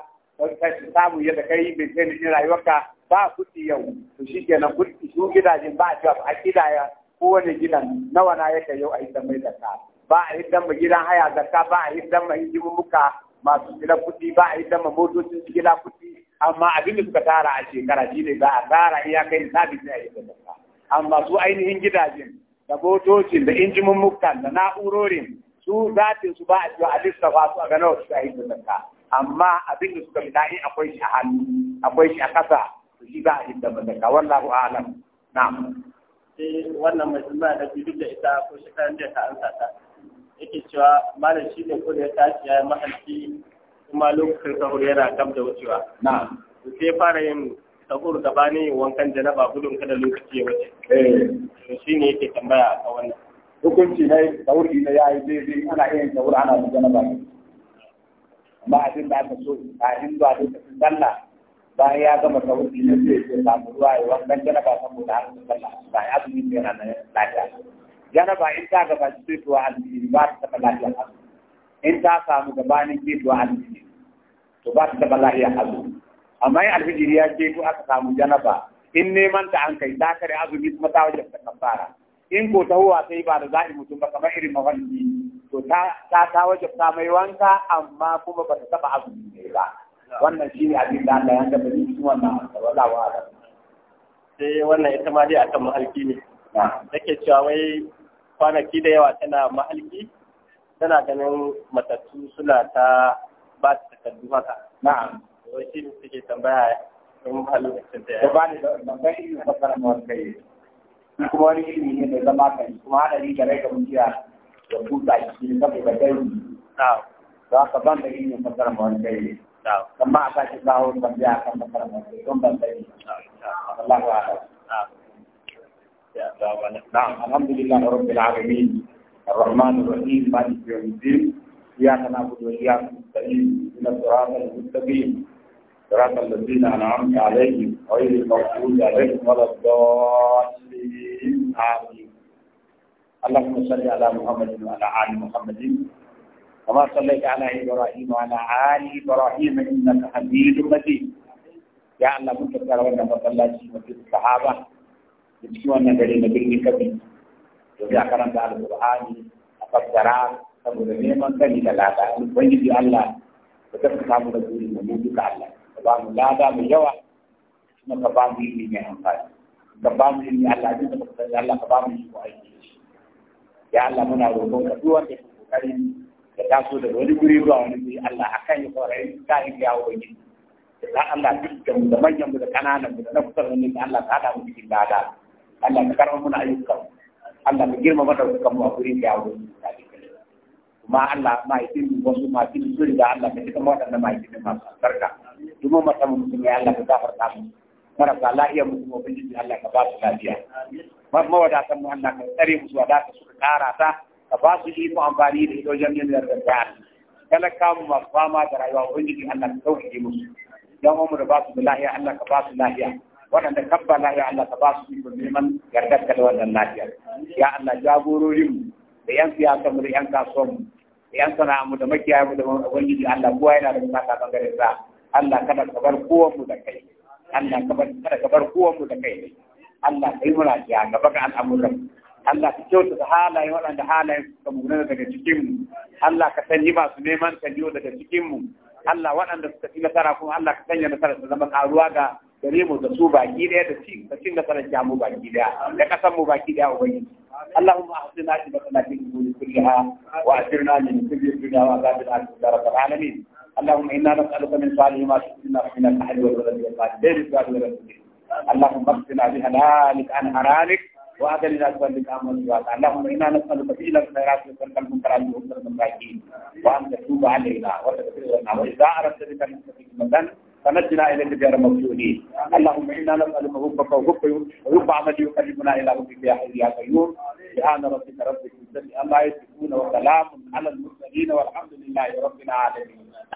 samu yadda ka yi bai sai ni rayuwarka ba kuɗi yau to shi kenan kuɗi su gidajen ba a cewa ba a gidaya kowane gidan nawa na yake yau a hiddan mai zakka ba a hiddan mu gidan haya zakka ba a hiddan mu hidimin muka masu gida kuɗi ba a hiddan mu motocin gida kuɗi amma abin da suka tara a shekara shi ne za a tara iyakai lissafi ne a hiddan zakka amma su ainihin gidajen da motocin da injimin muka, da na'urorin su zatin su ba a cewa a lissafa su a ga nawa suka hiddan zakka amma abin da suka fita in akwai shi a hannu akwai shi a ƙasa to shi ba a hiddan zakka wallahu a'lam na'am sai wannan mai tambaya da biyu da ita ko shekaran da ta ansa ta yake cewa malam shi ne ko da ya tashi ya mahalci kuma lokacin sahur yana gab da wucewa na sai fara yin sahur gabanin wankan janaba gudun kada lokaci ya wuce eh. to shi ne yake tambaya a wannan hukunci ne sahur ne ya yi daidai ana yin sahur ana da janaba amma abin da aka so a hindu a lokacin sallah bayan ya gama sauki na zai ce samu ruwa ya wannan janaba saboda har da sallah ba ya azumi ne yana lafiya janaba in ta gaba sai to aljihi ba ta taɓa lafiya in ta samu gabanin ke to aljihi to ba ta taɓa lafiya azumi amma in alfijiri ya ce ko aka samu janaba in neman ta an kai ta kare azumi kuma ta wajen ta kafara in ko ta huwa sai ba da za'i mutum ba kamar irin mafarki to ta ta wajen ta mai wanka amma kuma ba ta taɓa azumi ne ba wannan shi ne abin da Allah ya gaba ni cikin wannan alƙawala da sai wannan ita ma dai akan mahalki ne take cewa wai kwanaki da yawa tana mahalki tana ganin matattu suna ta ba ta takardu haka na'am wai shi ne take tambaya in ba lokacin da ya ba ni da ban yi ba fara mu kai kuma wani ilimi ne mai zama kai kuma hadari da rai da mutiya da buta shi ne saboda na'am Da ka ban da ilimin fasara mawar kai. amma a sake kawo tambaya kan makarantar don ban sani Allah ya haɗa na'am alhamdulillah rabbil alamin الرحمن الرحيم مالك يوم الدين اياك نعبد واياك نستعين من الصراط المستقيم صراط الذين انعمت عليهم غير المغضوب عليهم ولا الضالين امين اللهم صل على محمد وعلى ال محمد كما صليت على ابراهيم وعلى ال ابراهيم انك حميد مجيد يا الله كنت ترى وانا بطلع في الصحابه يمشي وانا بين نبيك كبير وفي اخر انت على القران افكر تقول لي ما كان لك لا تعلم ويجي الله وتفكر تعمل رسول الموجود الله طبعا لا دام جوع ثم طبعا دين لي من قال طبعا دين لي الله عزيز الله طبعا من شبه يا الله منا وروحك وانت في taso wani guri zuwa wani guri Allah akan ya saurayi ta yi ya wani da Allah duk da mu da manyan mu da kananan mu da na kusa wani da Allah ta hada mu cikin dada Allah ka karɓa muna ayyukan Allah ka girmama da kuka mu a gurin ya wani kuma Allah mahaifin wasu mahaifin su da Allah ka cika waɗanda mahaifin masu albarka domin mata mu mutum ya Allah ka gafarta mu marasa lafiya mu kuma ubangiji Allah ka ba su lafiya mawadatan mu Allah ka tsare musu wadata suka kara ta ka ba su iko amfani da jami'in da yin zarganta talaka mu masu fama da rayuwa ubangiji Allah ka sauke musu dan mu da ba su da lahiya Allah ka ba su lahiya ka kabba lahiya Allah ka ba su iko neman yardarka da wannan lahiya ya Allah jagororin da yan siyasa mu da yan kasuwan mu da yan sana'a mu da makiyaya mu da ubangiji Allah kowa yana da bukata bangaren sa Allah kada ka bar kowan mu da kai Allah kada ka bar kowan mu da kai Allah kai mu lafiya gaba ga al'amuran Allah ka kyauta da halaye waɗanda halaye suka muna daga cikinmu Allah ka sanya masu neman kanyo daga cikinmu Allah waɗanda suka ci nasara kuma Allah ka sanya nasara su zama karuwa ga gare mu da su baki ɗaya da ci da cin nasarar baki ɗaya da ƙasar mu baki ɗaya ubangiji اللهم احسن عاقبتنا في الامور كلها واجرنا من كل الدنيا وعذاب الاخره رب العالمين اللهم انا نسالك من صالح ما شئتنا من الحل والولد والمال بين الزاد والرسول اللهم اغفر ذلك عن حرامك وأجلنا ذلك أمل اللهم إنا نسألك فعل الخيرات وترك المنكرات وحسن المباكين وأن تتوب علينا وتغفر لنا وإذا أردت بك أن تستقيم فنجنا اليك غير مفتونين اللهم انا نسالك حبك وحبك وحب عمل يقربنا الى حبك يا حي يا قيوم سبحان ربك رب العزه عما يصفون وسلام على المرسلين والحمد لله رب العالمين